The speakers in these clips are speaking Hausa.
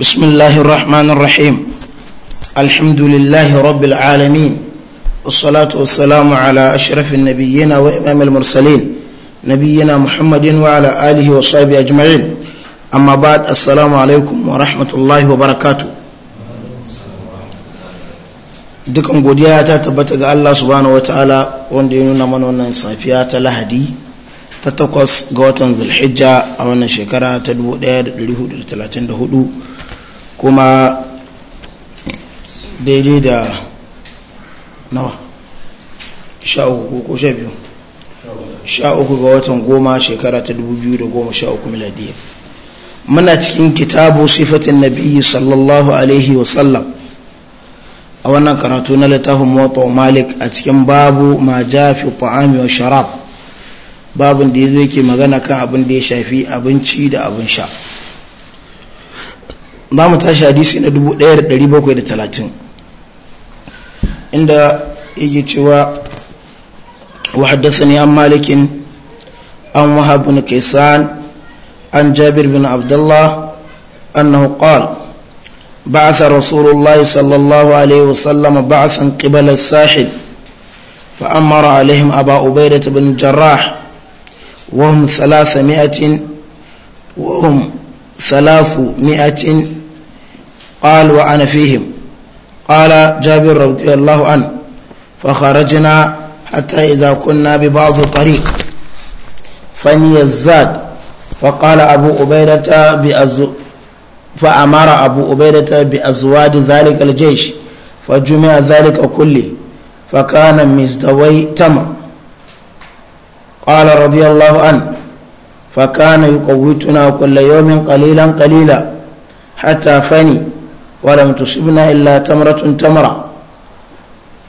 بسم الله الرحمن الرحيم الحمد لله رب العالمين والصلاة والسلام على أشرف النبيين وإمام المرسلين نبينا محمد وعلى آله وصحبه أجمعين أما بعد السلام عليكم ورحمة الله وبركاته dukan godiya ta tabbata ga Allah subhanahu wataala wanda ya nuna mana wannan safiya ta Lahadi ta takwas ga watan Zulhijja a wannan shekara ta 1434 kuma daidai da nawa sha uku ko sha biyu sha uku ga watan goma shekara ta dubu biyu da goma sha uku miladiya muna cikin kitabu sifatin biyu sallallahu alaihi wasallam a wannan karatu na littafin mota malik a cikin babu ma ja fi ta'ami wa sharab babin da ya zo yake magana kan abin da ya shafi abinci da abin sha ba mu tashi hadisi na 1730 inda yake cewa wa haddathani an malikin an wahab bin kaisan an jabir bin abdullah annahu qala بعث رسول الله صلى الله عليه وسلم بعثا قبل الساحل فأمر عليهم أبا عبيدة بن الجراح وهم ثلاثمائة وهم ثلاث مئة قال وأنا فيهم قال جابر رضي الله عنه فخرجنا حتى إذا كنا ببعض طريق فني الزاد فقال أبو أبيدة بأزو فأمر أبو أبيدة بأزواد ذلك الجيش فجمع ذلك كله فكان مزدوي تمر قال رضي الله عنه فكان يقوتنا كل يوم قليلا قليلا حتى فني ولم تصبنا إلا تمرة تمرة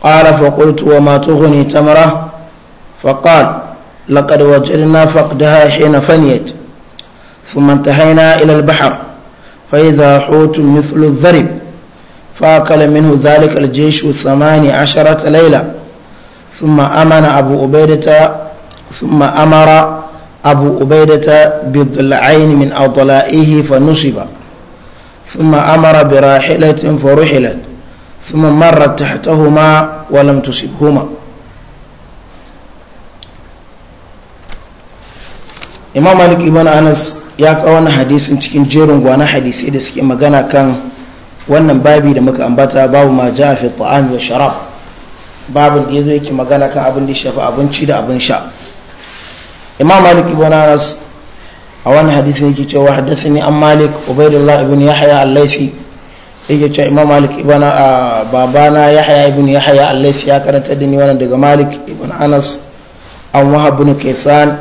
قال فقلت وما تغني تمرة فقال لقد وجدنا فقدها حين فنيت ثم انتهينا إلى البحر فإذا حوت مثل الضرب فأكل منه ذلك الجيش ثماني عشرة ليلة ثم أمن أبو عبيدة ثم أمر أبو أبيدة بضلعين من أضلائه فنصب ثم أمر براحلة فرحلت ثم مرت تحتهما ولم تصبهما imam malik ibn anas ya kawo wani hadisin cikin jerin gwana hadisai da suke magana kan wannan babi da muka ambata babu ma ja fi ta'am wa sharaf babu da yazo yake magana kan abin da abinci da abin sha imam malik ibn anas a wani hadisi yake cewa haddathani an malik ubaidullah ibn yahya al-laifi yake cewa imam malik ibn babana yahya ibn yahya al-laifi ya karanta da ni wannan daga malik ibn anas an wahab ibn kaisan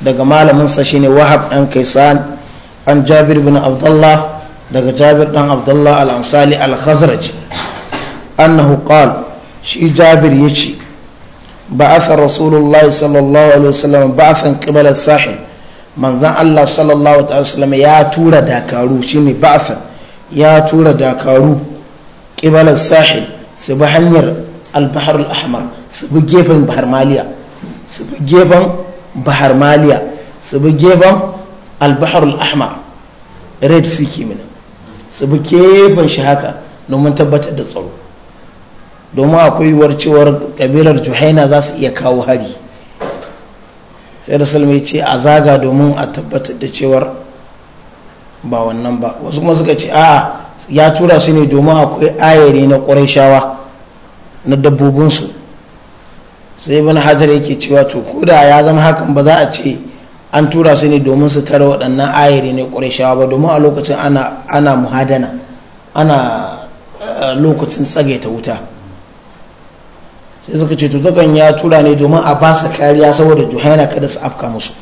daga malamin sa shine wahab dan kaisan an jabir ibn abdullah daga jabir dan abdullah al-ansari al-khazraj annahu qala shi jabir yace بعث رسول الله صلى الله عليه وسلم بعثا قبل الساحل manzan Allah sallallahu wasallam ya tura dakaru shine ba'sa ya tura dakaru ƙibalar sahil su bi hanyar albahar ahmar su bi gefen bahar maliya su bi gefen bahar maliya su bi gefen albahar ahmar red sea kimina su gefen shi haka tabbatar da tsaro domin akwai yiwuwar cewar kabilar juhaina za su iya kawo hari sai da salmai ce a zaga domin a tabbatar da cewar ba wannan ba wasu kuma suka ce a ya tura su ne domin akwai ayari na ƙwarishawa na dabbobinsu sai ibn hajar yake cewa to koda ya zama hakan ba za a ce an tura su ne domin su tara waɗannan ayari na ƙwarishawa ba domin a lokacin ana muhadana ana eh, lokacin tsagaita wuta sai suka ce to ya tura ne domin a ba su kariya saboda juhaina kada su afka musu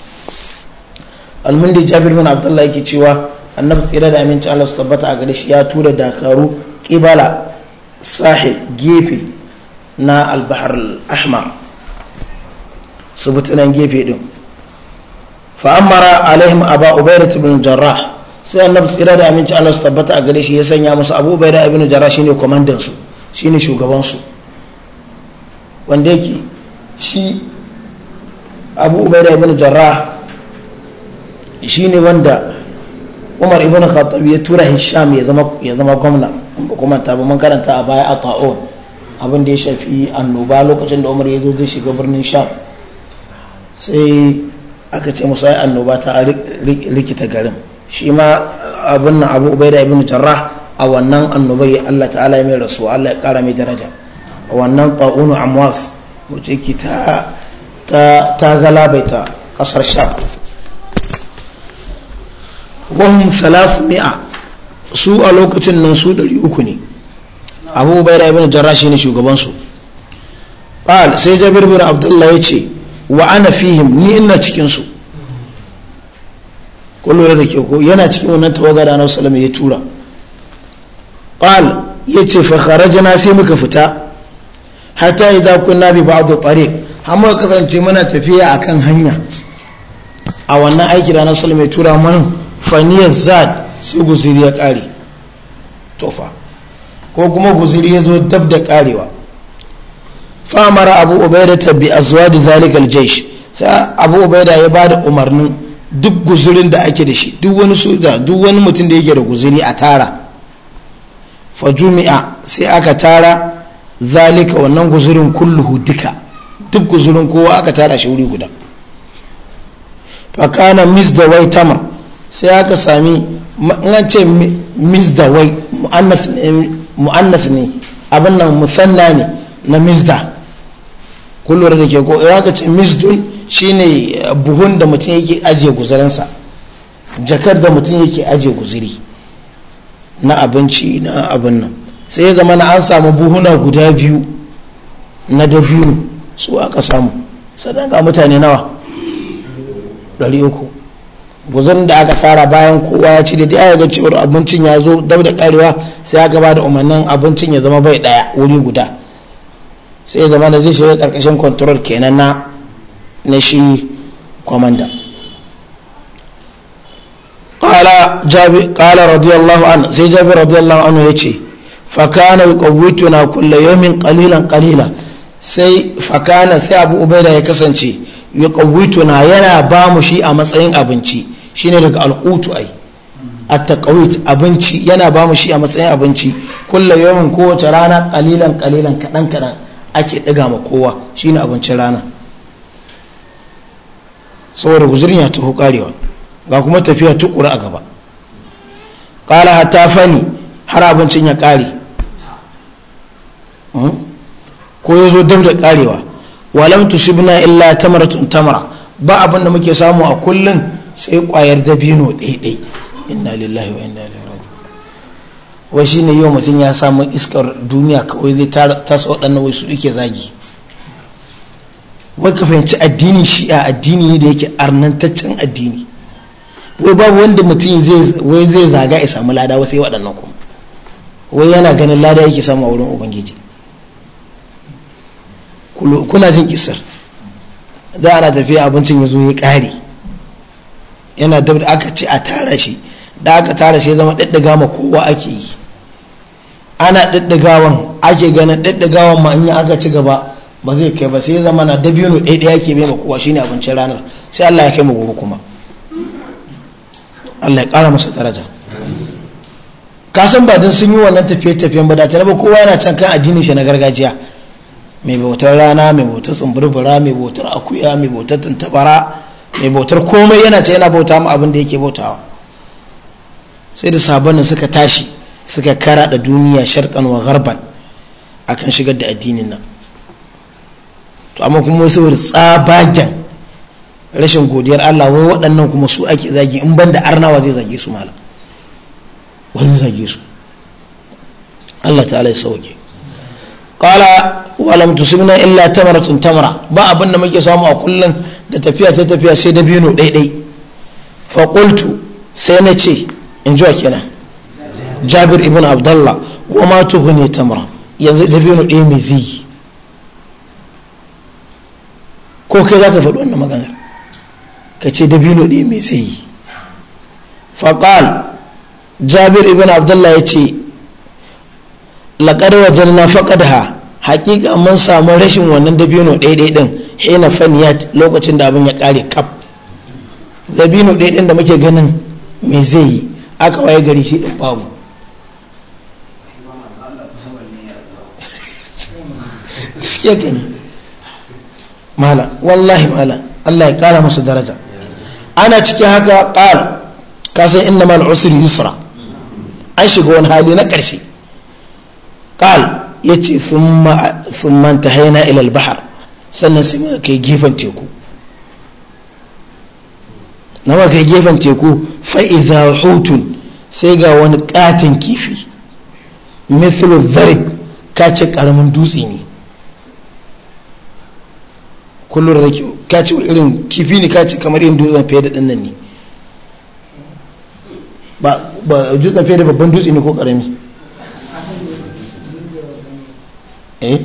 almundi jabir bin abdullahi yake cewa annabi tsira da aminci allah su tabbata a gare shi ya tura dakaru kibala sahi gefe na albahar ahmar su butunan gefe din fa'amara alaihim aba ubaidat bin jarrah sai annabi tsira da aminci allah su tabbata a gare shi ya sanya musu abu ubaidat bin jarrah shine kwamandansu shine shugabansu wanda yake shi abu ubaida ibn jarra shi ne wanda umar ibn khattab ya tura hisham ya zama ya zama gwamna kuma ta ba karanta a baya a ta'un abin da ya shafi annoba lokacin da umar ya zo zai shiga birnin sham sai aka ce musu ai annoba ta rikita garin shi ma abin nan abu ubaida ibn jarrah a wannan annobar ya Allah ta'ala ya mai rasuwa Allah ya kara mai daraja wannan ƙa'unu amwas wacce ke ta galabaita ƙasar sham wahum mi'a su a lokacin nan su ɗari uku ne abu bai ibn jarra shi ne shugabansu ƙal sai jabir bin abdullah ya ce wa ana fihim ni ina cikinsu kun da ke ko yana cikin wannan tawaga da annabi ya tura ƙal ya ce fa kharajna sai muka fita hatta za kuna bi ba tariq har muka kasance mana tafiya a kan hanya a wannan aiki da na mai tura mana faniyar zad su guziri ya kare tofa ko kuma guziri ya zo dab da karewa famara abu ubaida ta bi da zalika aljaysh sai abu ubaida ya ba da umarnin duk guzurin da ake da shi duk wani soja duk wani mutum da yake da guziri a tara fajumi'a sai aka tara zalika wannan guzurin kulluhu duka duk guzurin kowa aka tara shi wuri guda fakana mis da wai tamar sai aka sami an ce mis da wai mu'annas ne abin nan musanna ne na da kullum da ke ko aka ce dun shine eh, buhun da mutum yake ajiye guzurinsa jakar da mutum yake ajiye guziri na abinci na abin nan sai ya zama na an samu buhuna guda biyu na dabino su aka samu sannan ga mutane nawa 300 guzan da aka tara bayan kowa ya ci da dai ga cewar abincin ya zo dab da karewa sai aka ba da umarnin abincin ya zama bai daya wuri guda sai ya zama da zai shiga karkashin kwantarol kenan na na shi kwamanda قال جابر قال رضي الله عنه سي جابر رضي الله عنه يجي fakana yuqawwituna kulla yawmin qalilan qalila sai fakana sai abu ubaida ya kasance yuqawwituna yana ba mu shi a matsayin abinci shine daga alqutu ai at-taqawit abinci yana ba mu shi a matsayin abinci kulla yawmin kowace rana kalilan kalilan kadan kadan ake diga ma kowa shine abincin rana saboda guzurin ya taho karewa ga kuma tafiya tukura a gaba kala hatta fani har abincin ya kare ko ya zo dab da karewa walam tushibna illa tamaratun tamara ba abin da muke samu a kullun sai kwayar dabino ɗaiɗai inna lillahi wa inna ilaihi raji'un wai shine yau mutum ya samu iskar duniya kawai zai taso waɗannan wai su yake zagi wai ka fahimci shi a addini ne da yake arnantaccen addini wai babu wanda mutum wai zai zaga ya samu lada wasu yi waɗannan kuma wai yana ganin lada yake samu a wurin ubangiji kuna jin kisar da ana tafiya abincin yanzu ya ƙari. yana da aka ci a tara shi da aka tara shi zama ɗaɗɗaga ma kowa ake yi ana ɗaɗɗagawan ake ganin ɗaɗɗagawan ma in aka ci gaba ba zai kai ba sai zama na dabino ɗaya ɗaya ke bai ma kowa shine abincin ranar sai Allah ya kai mu gobe kuma Allah ya ƙara masa daraja kasan ba don sun yi wannan tafiye-tafiyen ba da tare ba kowa yana can kan addinin shi na gargajiya mai bautar rana mai bautar tsumburbura mai bautar akuya mai bautar tuntubara mai bautar komai yana ta yana bauta mu abin da yake bautawa sai da sabanin suka tashi suka kara da duniya sharkan wa garban akan shigar da addinin nan to amma kuma saboda tsabagen rashin godiyar Allah wai waɗannan kuma su ake zagi in banda arnawa zai zage su malam wani zage su Allah ta'ala ya sauke qala walam tusibna illa tamaratun tamara ba abin da muke samu a kullum da tafiya ta tafiya sai da bino daidai fa qultu sai na ce in ji kenan jabir ibn abdullah wa ma tuhuni tamara yanzu da bino ɗaya mai zai ko kai za ka faɗi wannan magana. ka ce da bino ɗaya mai zai faqal jabir ibn abdullah ya ce laƙar wajen na faƙadha hakika mun samu rashin wannan dabino ɗaiɗai ɗin hina faniyat lokacin da abin ya ƙare kaf dabino din da muke ganin me zai yi aka waye gari shi ɗin babu gaskiya ka mala wallahi mala Allah ya ƙara masa daraja ana cikin haka ƙal kasan inna mal usri yusra an shiga wani hali na ƙarshe ƙal ya ce sun manta haina ilal bahar sannan sai muka kai gefen teku na muka kai gefen teku fa'iza hutun sai ga wani katin kifi mithlu zare ka ce karamin dutse ne kullum da ka ce irin kifi ne ka ce kamar yin dutsen fiye da ɗannan ne ba dutsen fiye da babban dutse ne ko karami Eh?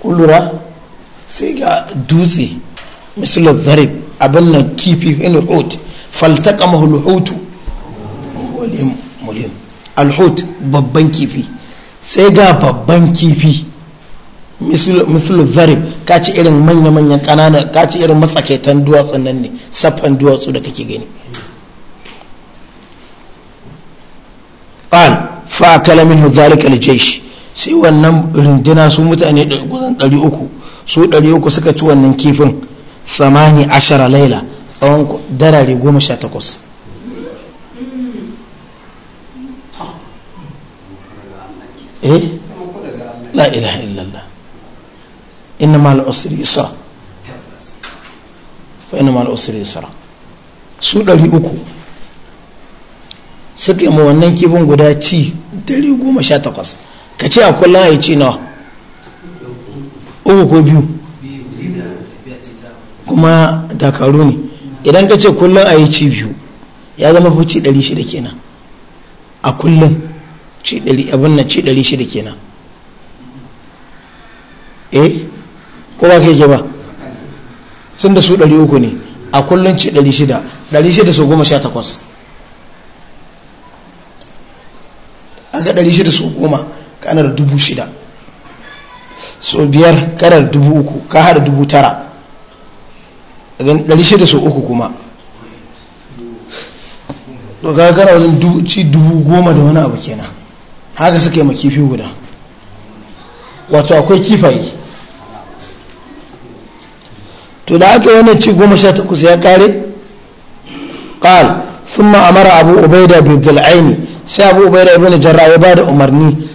kullura sai ga dutse misalar zarib abin nan kifi rot faltaka mahulhutu mulim alhut babban kifi sai ga babban kifi misalar zarib ka ci irin manya-manyan kanana ka ci irin matsakaitan duwatsun nan ne saffan duwatsu da kake gani qal fa akala minhu dhalika al sai wannan rindina su mutane ɗari uku su ɗari uku suka ci wannan kifin samani ashara laila tsawon darare goma sha takwas eh la ilaha illallah inna ma fa inna ma su ɗari suka yi ma wannan kifin guda ci dari goma sha takwas ka ce a kullum a yi ci nawa uku ko biyu kuma dakaru ne idan ka ce kullum a yi ci biyu ya zama fi ci ɗari shida kenan a kullum abin na ci 600 shida kenan eh ko ba ke ba sun da su ɗari uku ne a kullum ci 600 shida shida su goma sha takwas ga 610 kanar 6,000 so biyar kanar 3,000 ka hada 9,000 ga su kuma to ga kana wajen ci dubu da wani abu kenan haka suka yi makifi guda wato akwai kifaye to da aka wannan ci 18 ya kare قال ثم أمر أبو عبيدة بالضلعين sai abu ubaida ibn jarra ya bada umarni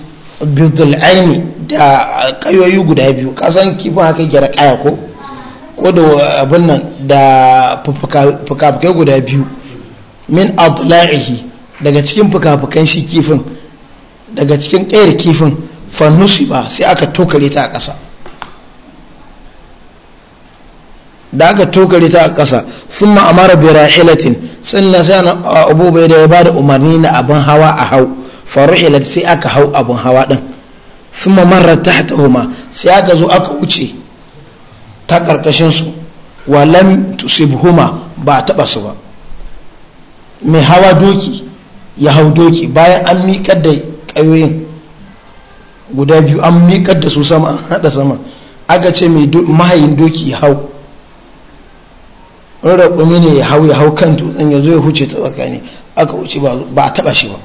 bidul aini da kayoyi guda biyu kasan kifin haka gyara kaya ko ko da abin nan da fuka guda biyu min adla'ihi daga cikin fuka shi kifin daga cikin kayar kifin fannusi ba sai aka tokare ta a ƙasa da aka tokare ta a ƙasa sun ma'amara birahilatin sannan sai abu bai da ya ba da umarni na abin hawa a hau faru faruhilat sai aka hau abin hawa ɗin sun ma'amara ta homa sai aka zo aka wuce ta ƙarƙashinsu tusib tusibhuma ba a taɓa su ba mai hawa doki ya hau doki bayan an miƙar da ƙayoyin guda biyu an miƙar da su sama an haɗa sama aka ce mai mahayin doki ya hau in ne ya hau ya hau kan dutsen yanzu ya huce ta tsakani aka wuce ba a taɓa shi ba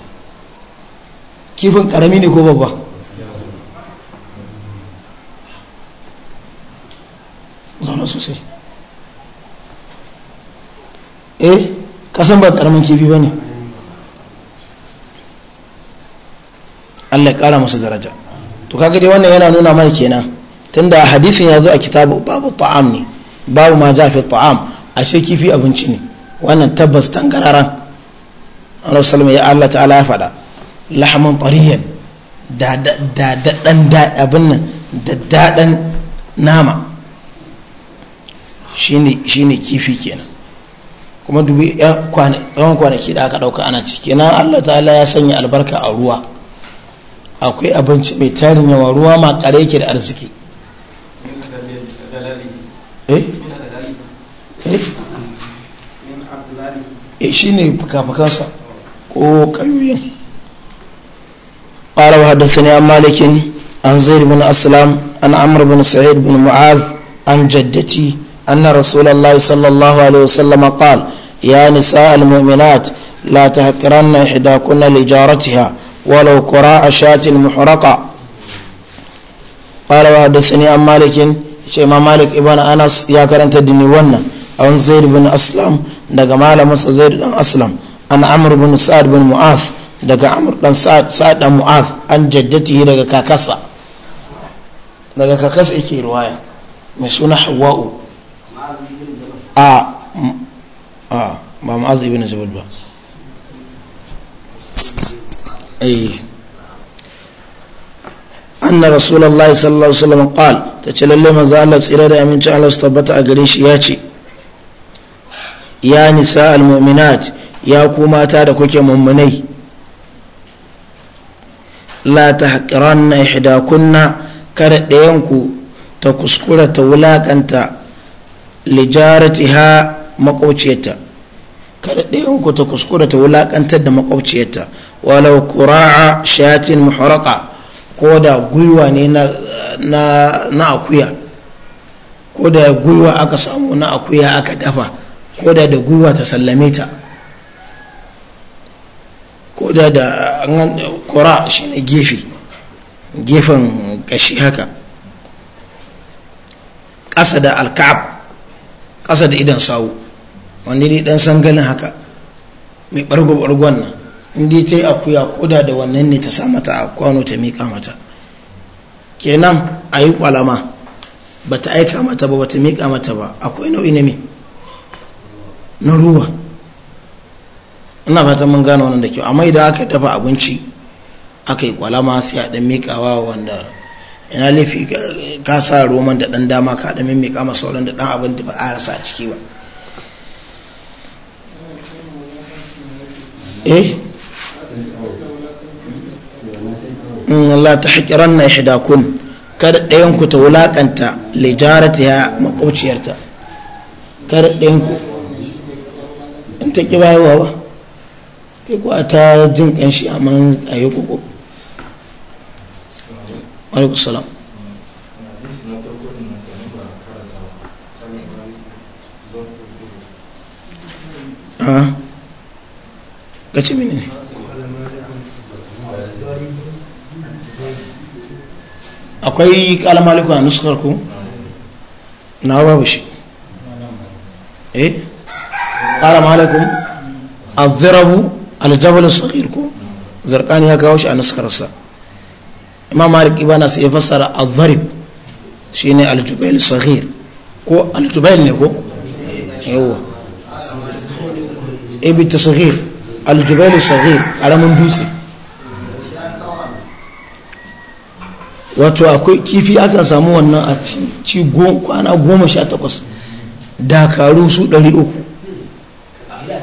kifin ƙarami ne ko babba zaune sosai eh kasan ba ƙaramin kifi ba ne allah ya ƙara masu daraja to kaga dai wannan yana nuna mana kenan tunda hadisin ya zo a kitabu babu ta'am ne babu ma jafi fi ta'am ashe kifi abinci ne wannan tabbas tangararan Allah sallama ya Allah ta'ala ya faɗa lahaman fariyan da daɗan abin nan da daɗan nama shine kifi kenan kuma dubi tsawon kwanaki da aka ɗauka ana ci kenan Allah ta'ala ya sanya albarka a ruwa akwai abinci mai tarin yawa ruwa ma kare yake da arziki eh e shi ne fukafukansa ko ƙayoyin ƙarawa haddasa ne an malikin an zai bin aslam an amur bin sa'id bin mu'az an jaddati anna rasulallah sallallahu alaihi wasallam qal ya nisa almu'minat la na tahqiranna ihdakunna li wala walau a shatin muhraqa qala wa hadathani an malikin ce ma malik ibn anas ya karanta dini wannan an zaid bin aslam daga malaminsa zaid dan aslam an amr bin sa'ad bin mu'ath daga amr dan sa'ad sa'ad dan an jaddatihi daga kakasa daga kakasa yake riwaya mai suna hawa'u a a ba mu'az ibn jabal ba eh anna rasulullahi sallallahu alaihi wasallam qala ta ce lalle manzo Allah tsira da aminci Allah su tabbata a shi ya ce ya nisa almuminat ya ku mata da kuke mummunai la ta haƙiranna ihdakunna kada ɗayanku ta kuskura ta wulaƙanta ha maƙauciyarta kada ɗayanku ta kuskura ta wulaƙantar da maƙauciyarta walau kura'a shatin muharaka ko da gwiwa ne na akuya ko da gwiwa aka samu na akuya aka dafa Koda da da gwiwa ta sallame ta koda da an kura shine gefe gefen kashi haka ƙasa da alka'ab ƙasa da idan sawu wani ne dan sangalin haka mai ɓargo-ɓargon nan inda ta yi akuya koda da wannan ne ta sa mata a kwano ta miƙa mata kenan a yi kwalama ba ta aika mata ba ba ta miƙa mata ba akwai nau'i na mai na ruwa ina fatan mun gane wannan da kyau amma idan aka dafa abinci aka yi kwalama sai a dan wa wanda ina laifi ka sa roman da dan dama ka dan mika masa sauran da dan abin da ba a rasa a ciki ba eh in Allah ta haƙiran na kun kada ku ta wulaƙanta lijarata ya maƙwabciyarta kada ku. ta ƙi bayarwa ba kai kuwa ta jin a amma a yi koko salam mini akwai kalamaliku a nuskar ku na babu shi eh harama alaikum azrabu aljabal sahir ko zarkani ya kawo shi a naskarsa imam malik ibana sai ya fassara shi ne aljubail sahir ko aljubail ne ko yawa ibi sahir aljubail saghir karamin dutse wato akwai kifi aka samu wannan a ci kwana goma sha takwas dakaru su ɗari uku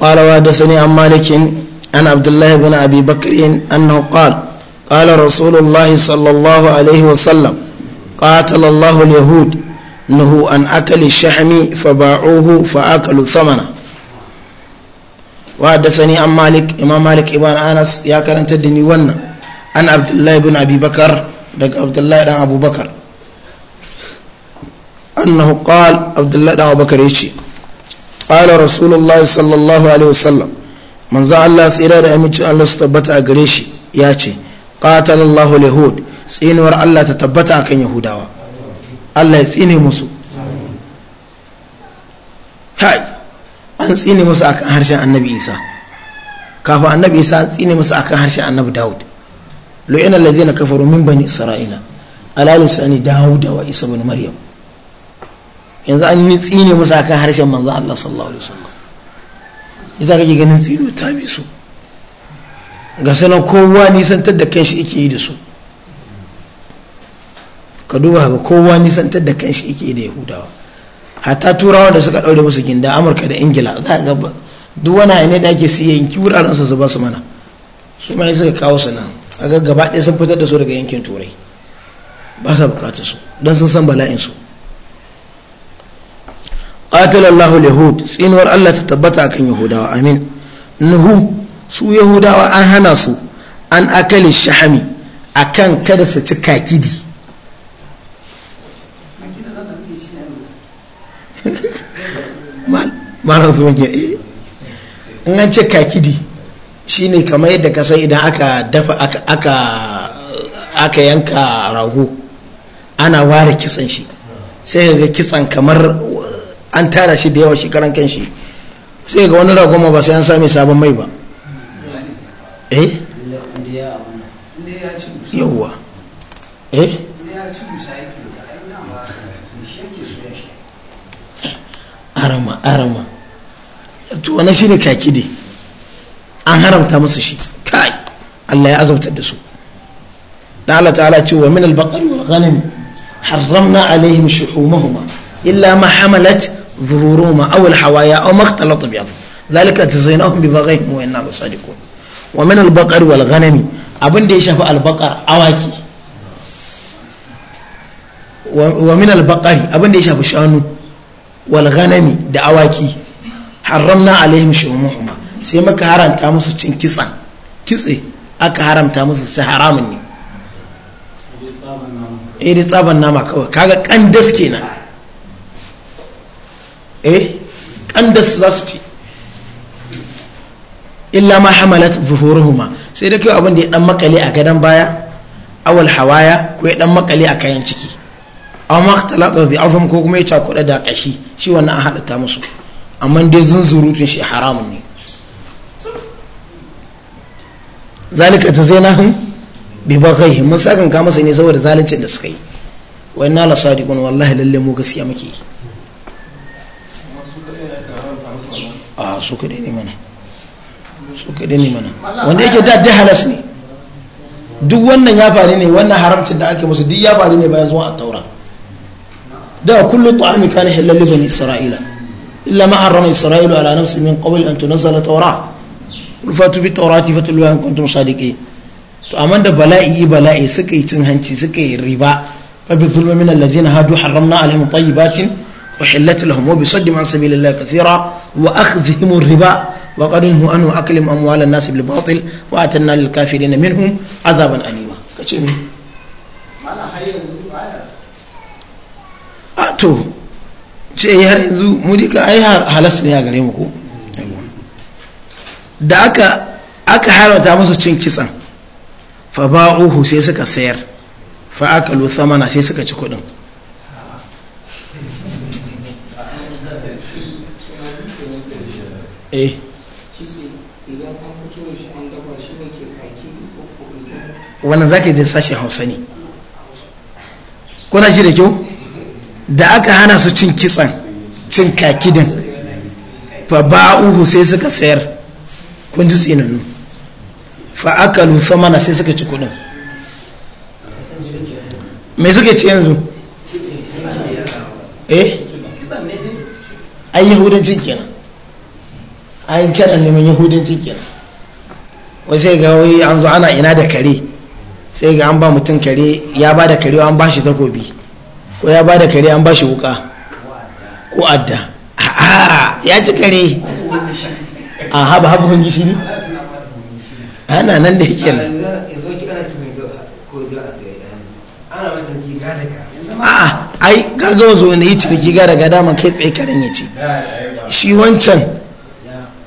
قال وحدثني عن مالك عن عبد الله بن أبي بكر أنه قال قال رسول الله صلى الله عليه وسلم قاتل الله اليهود نهوا عن أكل الشحم فباعوه فأكلوا ثمنه وحدثني عن مالك إمام مالك ابن أنس يا كرنت الدني ونا عن عبد الله بن أبي بكر دق عبد الله بن أبو بكر أنه قال عبد الله بن أبو بكر يشي qala rasulullah sallallahu alaihi wasallam manzo Allah tsira da aminci Allah su tabbata a gare shi ya ce qatalallahu yahud tsinuwar Allah ta tabbata akan yahudawa Allah ya tsine musu hai annabi Isa kafin annabi Isa an tsine musu akan harshen annabi Dawud lu'ina na kafa min bani isra'ila ala lisani Dawud wa Isa ibn Maryam yanzu an yi tsine musu akan harshen manzan Allah sallallahu alaihi wasallam yasa ke ganin tsino ta bi su ga sanar kowa nisantar da kanshi ike yi da su ka duba ga kowa nisantar da kanshi ike yi da yahudawa hatta turawa da suka ɗaure musu ginda amurka da ingila za ga duk wani ne da ake siya yanki wuraren su su ba su mana su ma suka kawo su nan a gaba ɗaya sun fitar da su daga yankin turai ba sa bukatar su don sun san bala'in su qatala Allahu tsinuwar Allah ta tabbata akan yahudawa amin nuhu su yahudawa an hana su an akali shahami akan kada su ci kakidi su muke eh. in an ce kakidi shine kamar yadda ka san idan aka dafa aka yanka rago ana ware kitsan shi sai ga kitsan kamar an tara shi da yawa shi kan shi sai ga wani ragoma ba sai an sami sabon mai ba eh yawwa eh arama arama to wani shi ne kaki ne an haramta musu shi kai Allah ya azabtar da su da Allah ta'ala ce wa min al-baqari wal ghanim harramna alaihim shuhumahuma illa ma hamalat ظهورهما أو الحوايا أو ما اختلط بيض ذلك جزيناهم ببغيهم وإنا لصادقون ومن البقر والغنم abin da ya shafi albakar awaki wa min albakari abin da ya shafi shanu wal ghanami da awaki haramna alaihim shuhumuhuma sai maka haramta musu cin kitsa kitse aka haramta musu sai haramun ne iri tsaban nama kawai kaga kan daske eh kandas za su ci illa ma hamalat zuhuruhuma sai da kyau abin da ya dan makale a gadon baya awal hawaya ko ya dan makale a kayan ciki amma talaka bi afam ko kuma ya cakuɗa da kashi shi wannan a ta musu amma dai zunzurutun shi haramun ne zalika jazainahum bi baghayhi mun sakan ka masa ne saboda zalincin da suka yi wai na la sadiqun wallahi lalle mu gaskiya muke yi a su kaɗai ne mana su kaɗai ne mana wanda yake da da halas ne duk wannan ya faru ne wannan haramcin da ake musu duk ya faru ne bayan zuwa a taura da kullu ta'ami kana halal bani isra'ila illa ma harrama isra'ilu ala nafsi min qabl an tunzala taura qul fatu bi tawrati fatluha in kuntum sadiqin to amma da bala'i bala'i suka yi cin hanci suka yi riba fa bi dhulmi min alladhina hadu harramna alaihim tayyibatin وحلت لهم وبصد عن سبيل الله كثيرا وأخذهم الربا وقد انهوا عنه أكلم الناس بالباطل للكافرين منهم عذابا ce eh, har yanzu mu duka ai halas ne a gare mu ko da aka aka haramta musu cin kitsan fa sai suka sayar fa sai suka ci kuɗin eh wannan zaka je sashi hausa ne kuna shi da kyau da aka hana su cin kitsan cin kakidin fa ba uhu sai suka sayar kun ji tsinanu fa akalu mana sai suka ci kudin me suke ci yanzu eh ai cin kenan ayin kana neman yahudanci kenan wai sai ga wai an zo ana ina da kare sai ga an ba mutum kare ya ba da kare an ba shi takobi ko ya ba da kare an ba shi wuka ko adda a'a ya ci kare a haba haba hun gishiri ana nan da yake nan a'a ai kaga zuwa wani yi ciniki gada ga dama kai tsaye karen ya ci shi wancan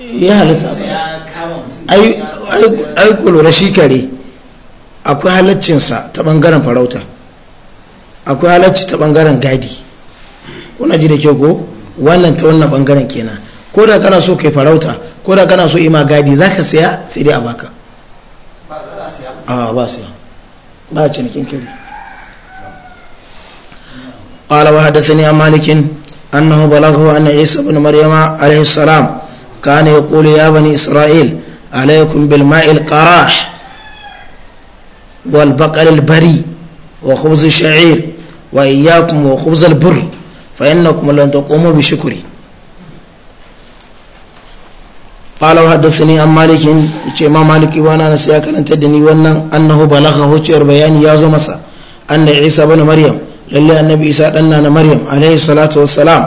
ya halitta ba ai na shi kare akwai halaccinsa ta bangaren farauta akwai halacci ta bangaren gadi kuna ji da kyau ko wannan ta wannan bangaren kenan ko da kana so kai farauta ko da kana so ima gadi za ka saya sai dai a baka a ba siya ba a cinikin kiri قال وحدثني عن مالك أنه بلغه أن عيسى بن مريم عليه السلام كان يقول يا بني إسرائيل عليكم بالماء القراح والبقر البري وخبز الشعير وإياكم وخبز البر فإنكم لن تقوموا بشكري قال وحدثني عن مالك ما مالك وانا نسيا كان تدني وانا انه بلغه تشير بيان يا زمسا ان عيسى بن مريم لله النبي عيسى دنا مريم عليه الصلاه والسلام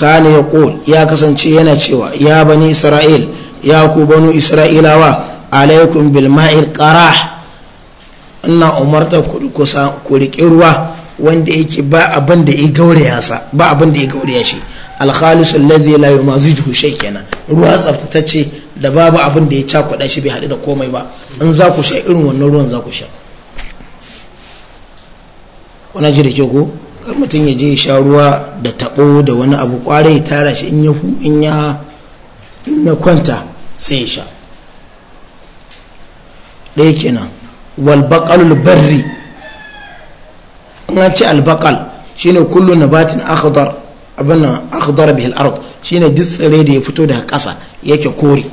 kana ya ya kasance yana cewa ya bani isra'il ya ku banu isra'ilawa alaikum bil ma'il qarah ina umarta ku kusa ku riƙi ruwa wanda yake ba abin da ya gauraya sa ba abin da ya gauraya shi alkhalisu alladhi la yumazijuhu shay kenan ruwa tsaftatacce da babu abin da ya cakuɗa shi bai haɗu da komai ba in za ku sha irin wannan ruwan za ku sha wannan ji da ke ko kar mutum ya je ya sha ruwa da tabo da wani abu kwarai ya tara shi in ya in ya in kwanta sai ya sha ɗaya kenan wal baqalul barri an ce al baqal shine kullu nabatin akhdar abin akhdar bihi al ard shine duk tsire da ya fito daga ƙasa yake kore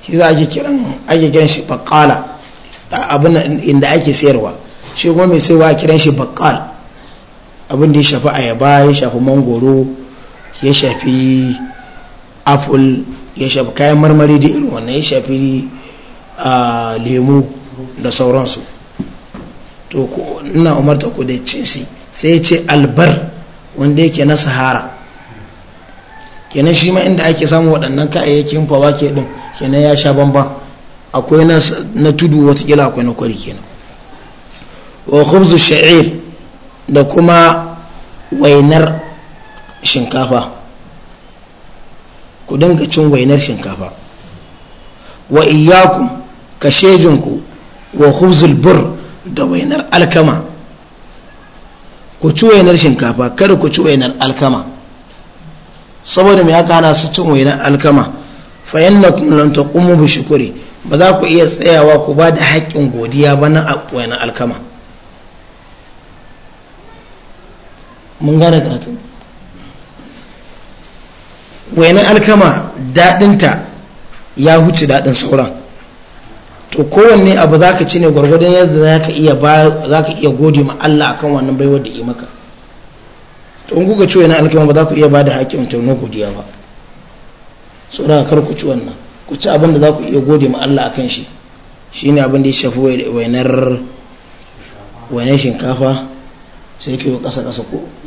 shi za ake kiran ake kiran shi baqala abin inda ake sayarwa shi kuma mai sayarwa a kiran shi baqal abin da ya shafi ayaba ya shafi mangoro ya shafi apple ya shafi kayan marmari da irin wannan ya shafi lemu da sauransu to ina umarta ku da cin shi sai ce albar wanda yake na sahara kenan shi ma inda ake samun waɗannan kayayyakin fawa ke ɗin kenan ya sha bamban akwai na tudu watakila akwai na kwari kenan wa khubzu sha'ir da kuma wainar shinkafa ku dinga cin wainar shinkafa wa iyakum kashejinku wa hubzul bur da wainar alkama ku ci wainar shinkafa kada ku ci wainar alkama saboda mai aka hana su cin wainar alkama fa yannakum lan taqumu bi shukri ba za ku iya tsayawa ku ba da haƙƙin godiya ba na wainar alkama mun gane karatu wainan alkama daɗinta ya huce daɗin sauran to kowanne abu za ka ci ne gwargwadon yadda za ka iya gode ma Allah akan wannan baiwa da yi maka to in guga ci wainan alkama ba za ku iya ba da haƙƙin turno godiya ba sauran kar ku ci wannan ku ci abin da za ku iya gode ma Allah akan shi shi ne abin da ya shafi wainar wainar shinkafa sai ke yi kasa kasa ko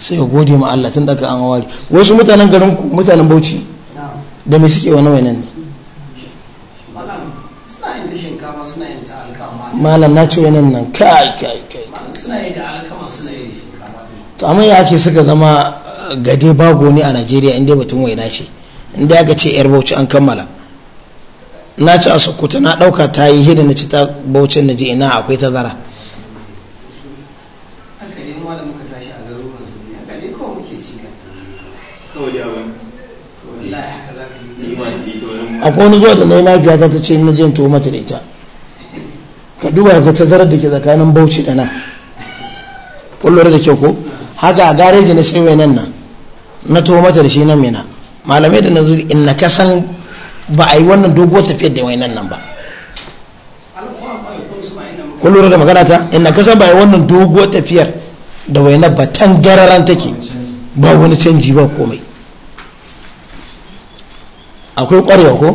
sai ka gode ma Allah tun daga an wari wasu mutanen garin mutanen Bauchi da me suke wani wainan ne malam na ce wainan nan kai kai kai to amma ya ake suka zama eh, gade bago ne a Najeriya inda batun waina ce inda aka ce yar Bauchi an kammala na ci a Sokoto na dauka ta yi hidda na ci ta Bauchin na je ina akwai tazara akwai wani zuwa da na yi mafiya ta ta ce ina je tuwo mata da ita ka duba ga tazarar da ke tsakanin bauchi da nan kullum da ke ko haka a gareji na shewe nan na na tuwo mata da shi nan mina malamai da na zuri in na kasan ba a yi wannan doguwar tafiyar da wainan nan ba kullum da magana ta in na kasan ba a yi wannan doguwar tafiyar da wainan ba tangararan take ba wani canji ba komai akwai kwarewa ko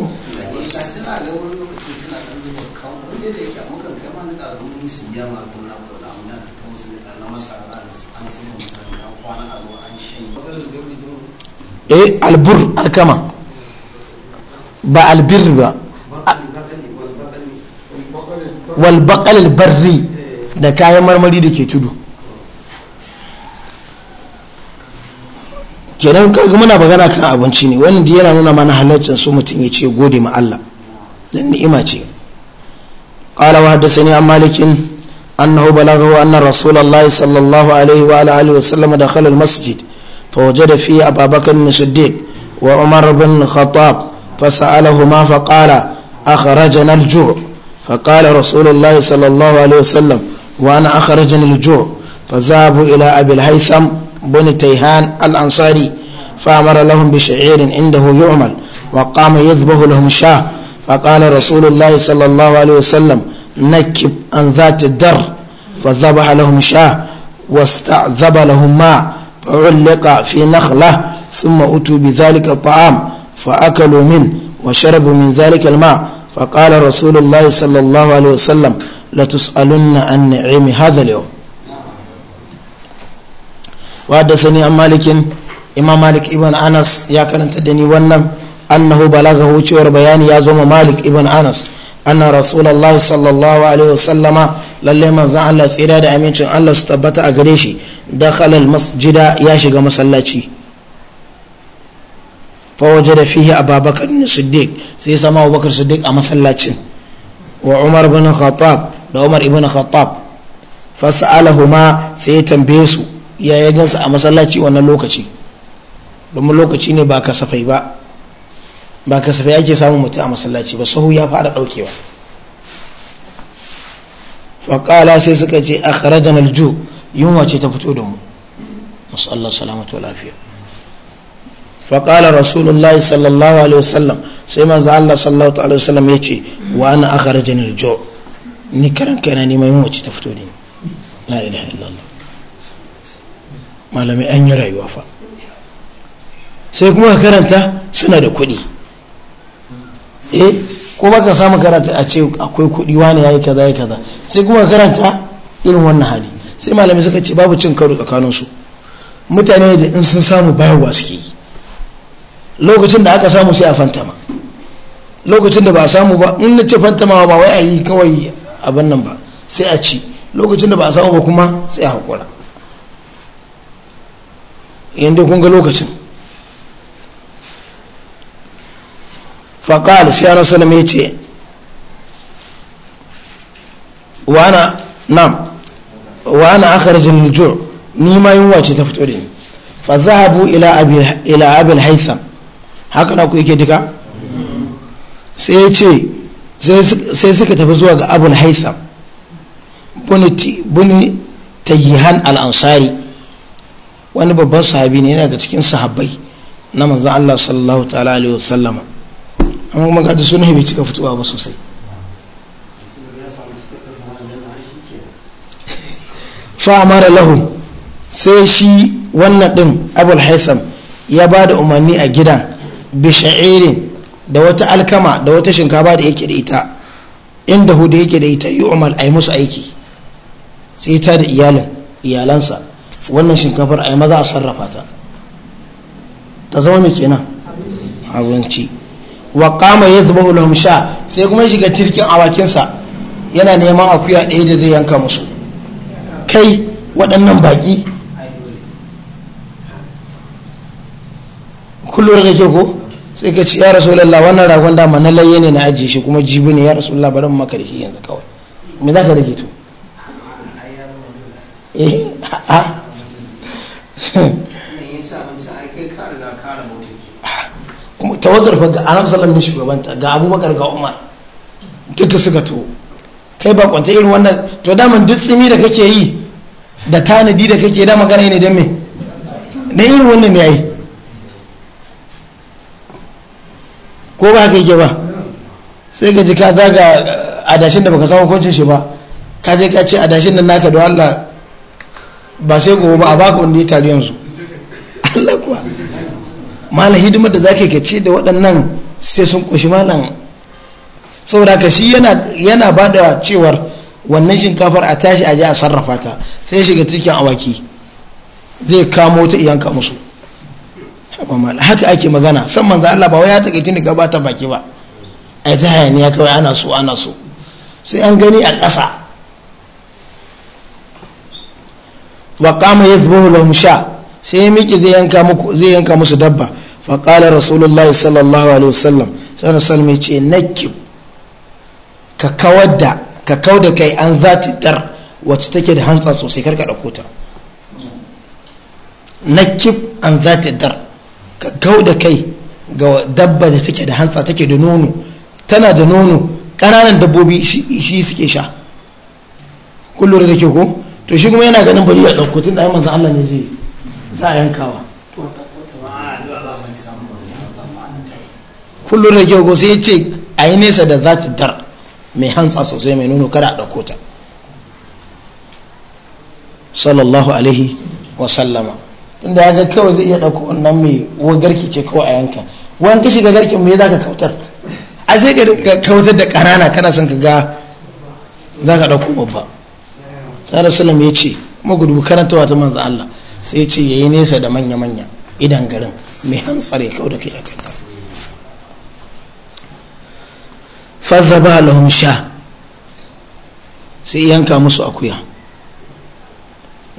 eh albur alkama ba albir ba walbakal barri da kayan marmari da ke tudu kenan kaga muna magana kan abinci ne wannan yana nuna mana halaccin su mutum ya ce gode ma Allah dan ni'ima ce qala wa haddathani an malikin annahu balaghahu anna rasulullahi sallallahu alaihi wa alihi wa sallam dakhala al-masjid فوجد فيه أبا fa الصديق وعمر بن الخطاب fa فقال أخرجنا sallallahu alaihi wa sallam wa الله عليه وسلم وأنا fa الجوع فذهبوا إلى أبي الهيثم بن تيهان الأنصاري فأمر لهم بشعير عنده يعمل وقام يذبه لهم شاه فقال رسول الله صلى الله عليه وسلم نكب عن ذات الدر فذبح لهم شاه واستعذب لهم ماء فعلق في نخلة ثم أتوا بذلك الطعام فأكلوا منه وشربوا من ذلك الماء فقال رسول الله صلى الله عليه وسلم لتسألن عن نعيم هذا اليوم wadda sani an malikin imam malik ibn anas ya karanta da ni wannan annahu balaga wucewar bayani ya zoma malik ibn anas anna rasulullahi sallallahu alaihi wasallama lalle manzan allah tsira da amincin allah su tabbata a gare shi da khalal masjida ya shiga masallaci waje da fihi a babakar siddiq sai sama abubakar siddiq a masallacin wa umar ibn khattab da umar ibn khattab fasa alahu ma sai ya tambaye su ya ya gansa a masallaci wannan lokaci domin lokaci ne ba kasafai ba ba kasafai ake samun mutum a masallaci ba sahu ya fara daukewa faƙala sai suka ce a kharajan aljo yunwa ce ta fito da mu masu Allah salamatu lafiya faƙala rasulullahi sallallahu alaihi wasallam sai manzo Allah sallallahu alaihi wasallam ya ce wa ana a kharajan aljo ni karan kaina ne yunwa ce ta fito da ni la ilaha illallah malamai an yi rayuwa fa sai kuma ka karanta suna da kuɗi eh ko ka samu karanta a ce akwai kuɗi wani ya yi kaza ya kaza sai kuma ka karanta irin wannan hali sai malamai suka ce babu cin karo tsakanin su mutane da in sun samu bayarwa suke yi lokacin da aka samu sai a fantama lokacin da ba a samu ba in na ce fantamawa ba wai a yi kawai abin nan ba sai a ci lokacin da ba a samu ba kuma sai a haƙura yadda kun ga lokacin faƙal sai ana salam ya ce wana nam wana akharajin nujur ni ma yunwa ce ta fito da ni fa zahabu ila abin haisan haka na ku yake duka sai ya ce sai suka tafi zuwa ga abin haisan buni tayyihan al-ansari wani babban sahabi ne yana ga cikin sahabbai na manzan Allah sallallahu ta'ala alaihi wasallama An kuma ga da sunan bai cika fitowa ba sosai fa'amara lahum sai shi wannan din abul haitham ya ba da umarni a gidan bisha'irin da wata alkama da wata shinkafa da yake da ita inda hu da yake da ita yi umar a yi musu aiki sai ta da iyalansa wannan shinkafar a yi maza a sarrafa ta ta zama mai kenan abinci wa kama ya zuba ulahum sha sai kuma shiga tirkin awakinsa yana neman akuya ɗaya da zai yanka musu kai waɗannan baƙi kullum da ke ko sai ka ci ya rasulallah wannan ragon dama na laye ne na ajiye shi kuma jibi ne ya rasulallah bari mu maka da shi yanzu kawai me za ka rage to eh a'a tawagar fa ga annabi sallallahu alaihi shugabanta ga abubakar ga umar duka suka to kai ba kwanta irin wannan to daman duk tsimi da kake yi da tanadi da kake da magana ne don me dan irin wannan me yayi ko ba ka yake ba sai ka ji ka zaga adashin da baka san hukuncin shi ba ka je ka ce adashin nan naka don Allah ba sai gobe ba a baka wanda ya taru yanzu Allah kuwa malam hidimar da zaka ke ce da waɗannan sai sun koshi malam saboda ka shi yana ba da cewar wannan shinkafar a tashi a ji a sarrafa ta sai shiga cikin awaki zai kamo ta iyanka musu haka ake magana san manzo Allah ba wai ya take tuni gaba ta baki ba ai ta hayaniya kawai ana so ana so sai an gani a ƙasa wa qama yadhbuhu lahum sha sai miki zai yanka muku zai yanka musu dabba fa qala rasulullahi sallallahu alaihi wasallam sai na sallam ya ce nakki ka kawar da ka kawda kai an zati dar wacce take da hantsa sosai kar ka dauko ta nakib an zati dar ka kawda kai ga dabba da take da hantsa take da nono tana da nono ƙananan dabbobi shi suke sha kullum da ke ko to shi kuma yana ganin bari ya ɗauko tun da ya manzan Allah ne zai za a yankawa kullum da kyau sai ya ce a yi nesa da za ta dar mai hantsa sosai mai nuno kada a ɗauko ta sallallahu alaihi wa sallama inda ya ga kawai zai iya ɗauko wannan mai wagarki ce kawai a yanka wani kashi ga garkin mai za ka kautar a sai ka kautar da ƙanana kana son ka ga za ka ɗauko babba sallallahu alaihi wasallam ya ce magudu karantawa ta manzo Allah sai ya ce yayi nesa da manya manya idan garin mai ya kau da kai akan nan fazaba lahum sha sai yanka musu akuya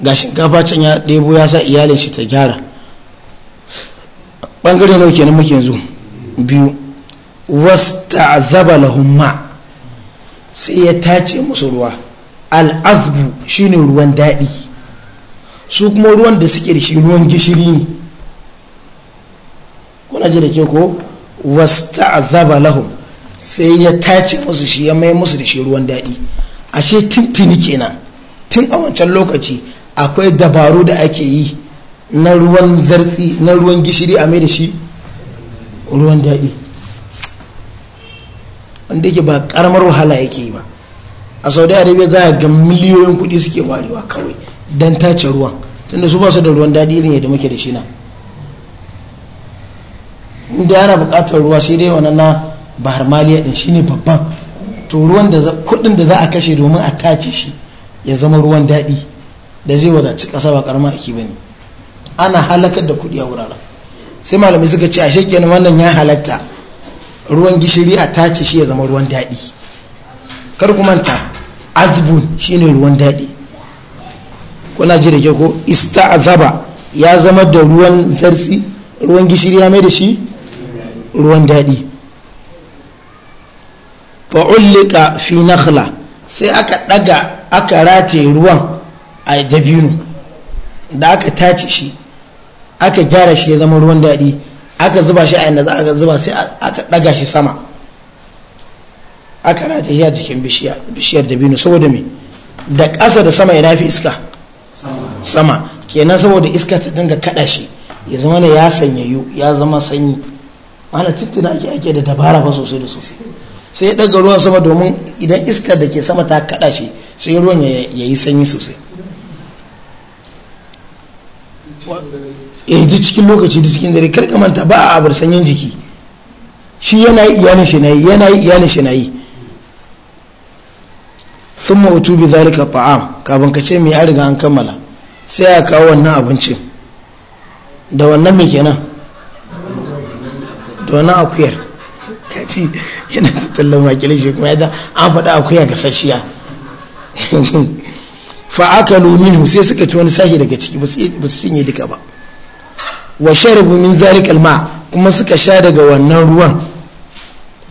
ga shinkafa can ya ɗebo ya sa iyalin shi ta gyara ɓangare nau kenan muke yanzu biyu wasta zaba lahum ma sai ya tace musu ruwa al'azbu shine ruwan daɗi su kuma ruwan da suke da shi ruwan gishiri ne kuna ji da ke ko wasu ta’azaba lahum sai ya tace musu shi ya mai musu da shi ruwan daɗi ashe tintini kenan tun a wancan lokaci akwai dabaru da ake yi na ruwan zartsi na ruwan gishiri a mai da shi ruwan daɗi wanda yake ba ƙaramar wahala yake yi ba a saudi arabia za a ga miliyoyin kuɗi suke warewa kawai don tace ruwan tunda su ba su da ruwan daɗi irin yadda muke da shi na inda yana buƙatar ruwa shi dai wannan na bahar maliya ɗin ne babban to ruwan da kuɗin da za a kashe domin a tace shi ya zama ruwan daɗi da zai wadaci ƙasa ba ƙarama a ba ne ana halakar da kuɗi a wuraren sai malamai suka ce a shekiyar wannan ya halatta ruwan gishiri a tace shi ya zama ruwan daɗi kar ku manta azbun shine ruwan daɗi kuna ji da ke ko ista'azaba ya zama da ruwan zartsi ruwan gishiri ya mai da shi ruwan daɗi fa'ullika fi nakhla sai aka ɗaga aka rataye ruwan a dabino da aka tace shi aka gyara shi ya zama ruwan daɗi aka zuba shi a yana za a zuba sai aka ɗaga shi sama aka rataye a jikin bishiyar da binu saboda me da ƙasa da sama na fi iska sama kenan saboda iska ta dinga kaɗa shi ya zama ne ya sanyayu ya zama sanyi mana tittuna ake ake da dabara fa sosai da sosai sai ya ɗaga ruwan sama domin idan iska da ke sama ta kaɗa shi sai ruwan ya yi sanyi sosai eh duk cikin lokaci duk cikin dare kar ka manta ba a abar sanyin jiki shi yana yi iyalin shi na yi yana yi iyalin shi na yi sun mautu bi zalika ta'am kafin ka ce mai ya riga an kammala sai a kawo wannan abincin da wannan mai kenan da wannan akuyar ka ci yana ta tallan makilin shi kuma yadda an faɗa akuya gasasshiya fa'aka lomin sai suka ci wani sashi daga ciki ba su cinye duka ba wa sharibu min zalikal ma kuma suka sha daga wannan ruwan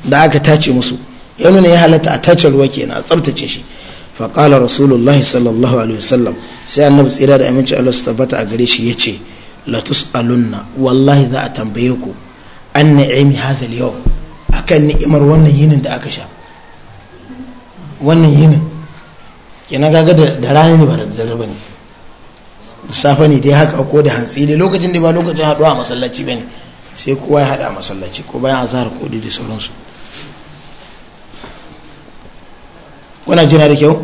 da aka tace musu ya nuna ya halatta a tace ruwa kenan a tsabtace shi fa qala rasulullahi sallallahu alaihi wasallam sai annabi tsira da aminci Allah su tabbata a gare shi yace la tusalunna wallahi za a tambaye ku an ni'imi hadha al-yawm akan ni'imar wannan yinin da aka sha wannan yinin kenan gaga da rana ne ba da dare da safe ne dai haka ko da hantsi dai lokacin da ba lokacin haɗuwa a masallaci bane sai kowa ya haɗa a masallaci ko bayan azhar ko da sauransu wana jina da kyau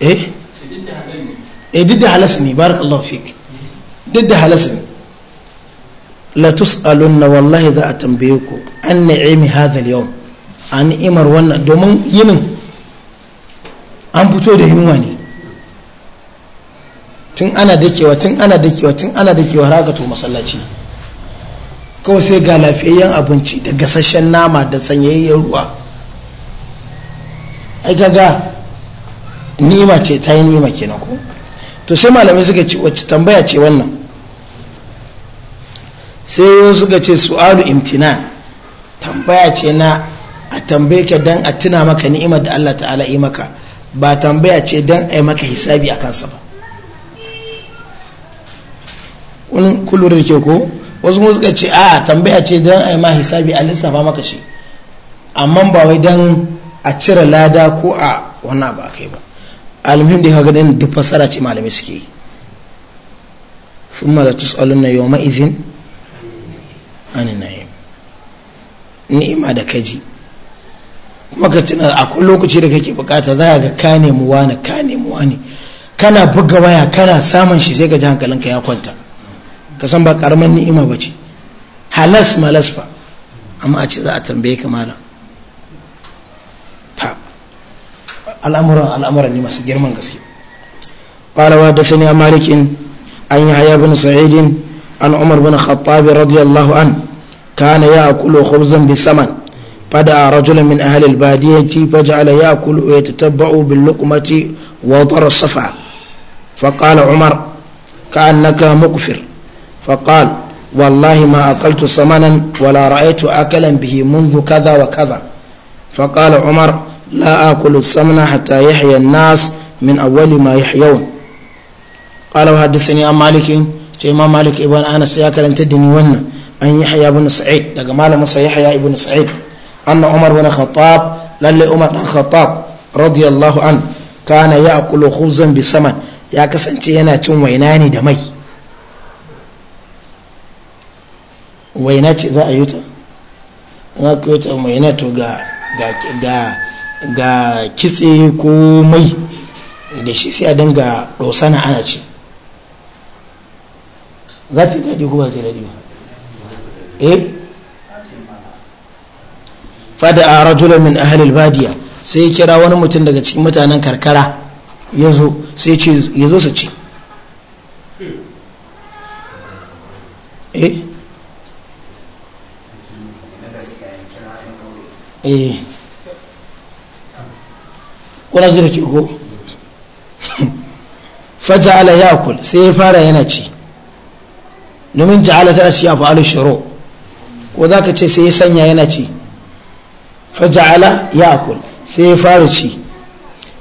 eh eh didda halas ne barakallahu fik duk didda halas ne la na wallahi za a tambaye ku an ni'imi hadha al a ni'imar wannan domin yinin an fito da yunwa ne tun ana da kewa tun ana da kewa tun ana da kewa raga to masallaci kawai sai ga lafiyayyen abinci da gasasshen nama da sanyayyen ruwa ai kaga nima ce ta yi nima kenan ku to sai malamai suka ce wacce tambaya ce wannan sai suka ce su'alu imtina tambaya ce na a tambaye ka dan a tuna maka ni'imar da Allah ta'ala yi maka ba tambaya ce dan a yi maka hisabi a kansa ba kullum da ke ko wasu mu suka ce a tambaya ce dan a yi ma hisabi a lissafa maka shi amma ba wai dan a cire lada ko a wannan ba kai ba almuhim da ya ga ganin duk fasara ce malamai suke yi thumma na tus'aluna yawma idhin an na'im ni'ima da kaji kuma ka tuna a lokaci da kake bukata za ga ka nemi wani ka nemi wani kana buga waya kana samun shi sai ka ji hankalinka ya kwanta ka san ba karamin ni'ima ba ce halas malas ba amma a ce za a tambaye ka malam al'amuran al'amuran masu girman gaske farawa da sani a malikin an yi haya bin sa'idin an umar bin khattabi radiyallahu an kana ya kulo khubzan bi saman fada a rajulun min ahal albadiyyanci faja ala a kulo ya ta bin lukumati wa tsara safa faƙala umar ka an naka mukfir faƙal wallahi ma akaltu samanan wala ra'aitu akalan bihi munzu kaza wa kaza faƙala umar la akulu samna hatta yahya nas min awwali ma yahyawun qala wa hadathani am malik ce ibn anas ya karanta dani wannan an yahya ibn sa'id daga malamin sa yahya ibn sa'id anna umar ibn khattab lalle umar ibn khattab radiyallahu an kana ya'kulu khuzan bi saman ya kasance yana cin waina da mai waina ce za a yuta za ga kitse ko mai da shi sai a dinga ɗosana ana ce za ta yi daɗi ko ba ta daɗi ba eh fada a rajulan min ahalil badiya sai ya kira wani mutum daga cikin mutanen karkara ya zo sai ya zo su ce eh, eh. kuna zira ki ke ko ya yakul sai ya fara yana ci domin ja'ala tana ci abu al-shuru ko zaka ce sai ya sanya yana ci ya yakul sai ya fara ci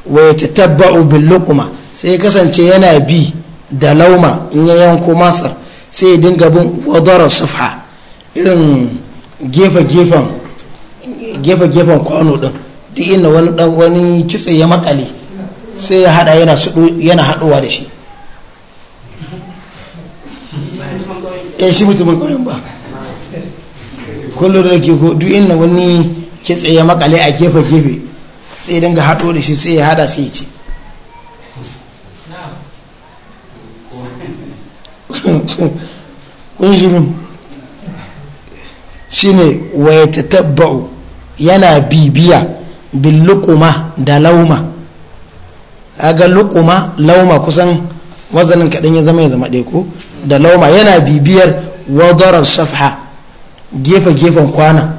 wa yatatabba'u bil luqma sai ya kasance yana bi da lauma in ya yanko masar sai ya dinga bin wadara safha irin gefe-gefen gefe-gefen kwano din duk inda wani wani kitse ya makale sai ya hada yana yana haduwa da shi eh shi mutumin ƙauyen ba kullum da ke ko duk inda wani kitse ya makale a gefe-gefe sai dinga hado da shi sai ya hada sai ya ce kun shirin shi shine wa ta tabba'u yana bibiya bil da lauma ga lukuma lauma kusan wazanin kaɗan ya zama ya zama ɗaya da lauma yana bibiyar wadarar safha gefe gefen kwana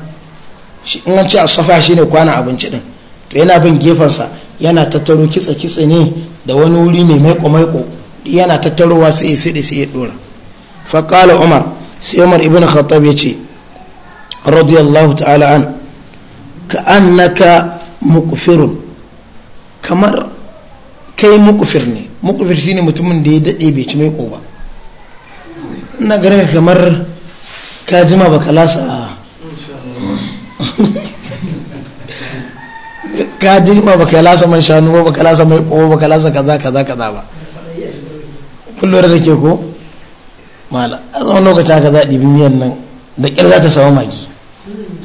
shi in an ce a safa shine kwana abinci ɗin to yana bin gefensa yana tattaro kitse kitse ne da wani wuri mai maiko maiko yana tattarowa sai ya sai sai ya dora faƙala umar sai umar ibn khattab yace radiyallahu ta'ala an ka annaka mukfirun kamar kai mukfir ne mukfir shine mutumin da ya daɗe bai ci mai ko ba ina garin kamar ka jima baka lasa ka jima ba kalasa man shanu ba kalasa mai ko ba kalasa kaza kaza kaza ba kullum da ke ko mala a tsawon lokaci aka za a ɗibi miyan nan da ƙyar za ta samu magi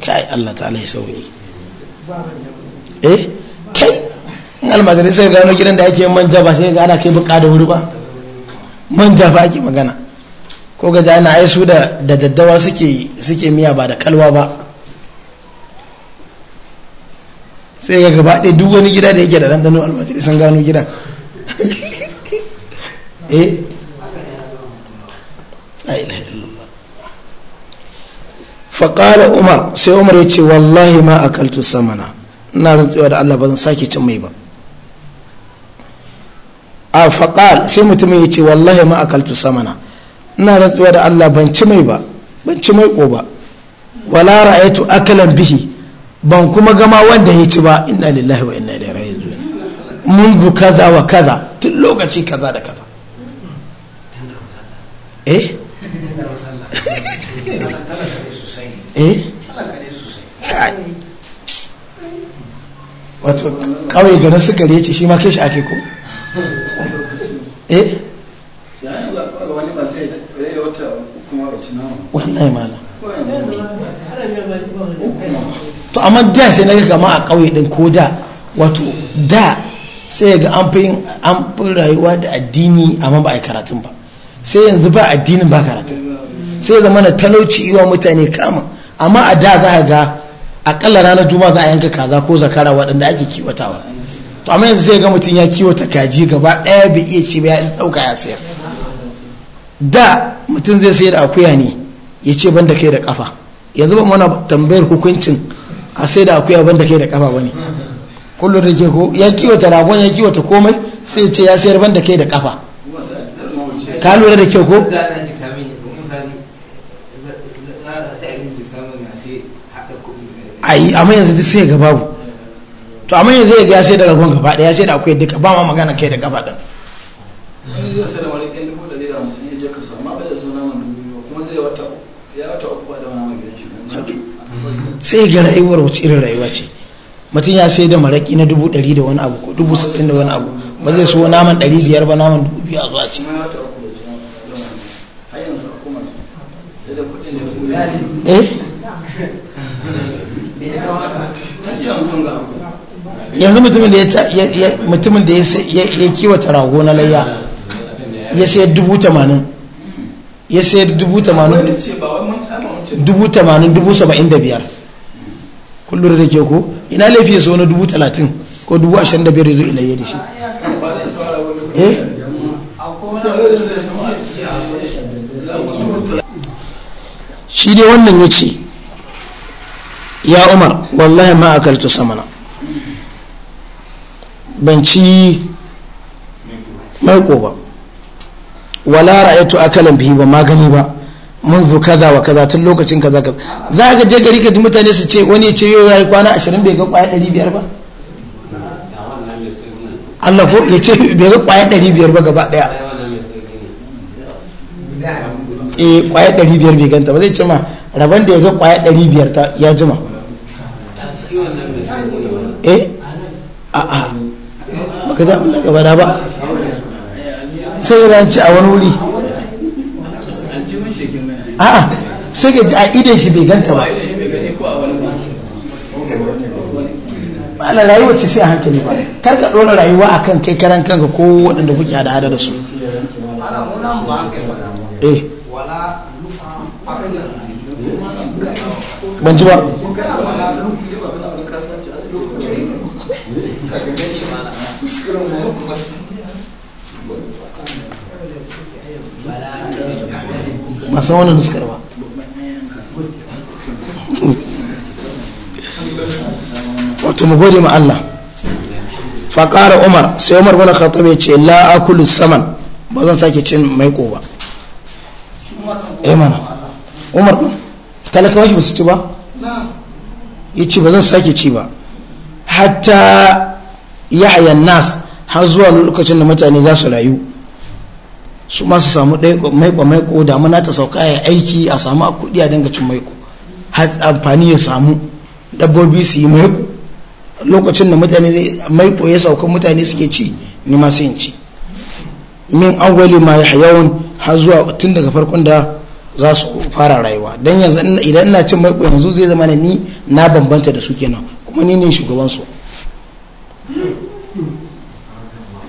kai Allah ta'ala ya sauki eh kai in almajirai sai gano gidan da ake manja ba sai ga ana kai buka da wuri ba manja fa ake magana ko ga jana ai su da daddawa suke suke miya ba da kalwa ba sai ga gaba ɗaya duk wani gida da yake da ɗanɗano almajirai sun gano gidan eh faƙala umar sai umar ya ce wallahi ma akaltu samana na rantsuwa da Allah ba zan sake cin mai ba a faƙal sai mutumin ya ce wallahi ma akaltu samana ina rantsuwa da Allah ban ci mai ba ban ci mai ko ba wala ra'aytu akalan bihi ban kuma gama wanda ya ci ba inna lillahi wa inna ilaihi raji'un منذ wa kaza tun lokaci kaza da kaza eh eh wato kawai garin suka ce shi ma ke shi ake ko eh wallahi mana to amma da sai na ga a kawai din ko da wato da sai ga an fi an fi rayuwa da addini amma ba a yi karatun ba sai yanzu ba addinin ba karatun sai zama na talauci iwa mutane kama amma a da za ga akalla ranar juma'a za a yanka kaza ko zakara waɗanda ake kiwatawa to amma yanzu zai ga mutum ya kiwata kaji gaba ɗaya bai iya ci ba ya ɗauka ya sayar da mutum zai sayar da akuya ne ya ce banda kai da kafa yanzu ba mana tambayar hukuncin a sai da akuya banda kai da kafa ba ne kullum da ke ko ya kiwata ragon ya kiwata komai sai ce ya sayar banda kai da kafa ka lura da ke ko a yi amma yanzu duk sai ga babu to amma yanzu ya ga sai da ragon gaba daya sai da akwai duka ba ma magana kai da gaba din sai ga rayuwar wace irin rayuwa ce mutum ya sai da maraki na dubu ɗari da wani abu ko dubu sittin da wani abu ba zai so naman ɗari biyar ba naman dubu biyu a zuwa ce eh yanzu mutumin da ya mutumin da ya kiwata rago na layya ya sayar dubu tamanin ya sayar dubu tamanin dubu tamanin dubu saba'in da biyar kullum da ke ko ina laifi ya so na dubu talatin ko dubu ashirin da biyar ya zo ilayya da shi eh? shi dai wannan ya ce ya umar wallahi ma akaltu samana ban ci maiko ba wala ra'aytu akalan bihi ba magani ba منذ kaza wa kaza tun lokacin kaza kaza za ka je gari ka mutane su ce wani ce yau yayi kwana 20 bai ga kwaya 500 ba Allah ko ya ce bai ga kwaya 500 ba gaba daya eh kwaya 500 bai ganta ba zai ce ma rabon da ya ga kwaya 500 ya jima eh ba bai ganta ba rayuwa ce sai a hankali ba kar ka ɗora rayuwa a kan kai karan kanka ko waɗanda kuke a da su eh. ban ba كثيرا ومكبر ما سوانا نسكر wato mu gode ma Allah fa ƙara umar sai umar bin khattab ya ce la akulu saman ba zan sake cin maiko ba eh mana umar talakawa shi ba su ci ba ba zan sake ci ba hatta yahya nas har zuwa lokacin da mutane za su rayu su ma su samu maiko maiko muna ta sauka ya aiki a samu a kudi a dinga cin maiko har amfani ya samu dabbobi su yi maiko lokacin da mutane maiko ya sauka mutane suke ci ni ma sai in ci min awwali ma yawon har zuwa tun daga farkon da za su fara rayuwa dan yanzu idan ina cin maiko yanzu zai zama ni na bambanta da su kenan kuma ni ne shugabansu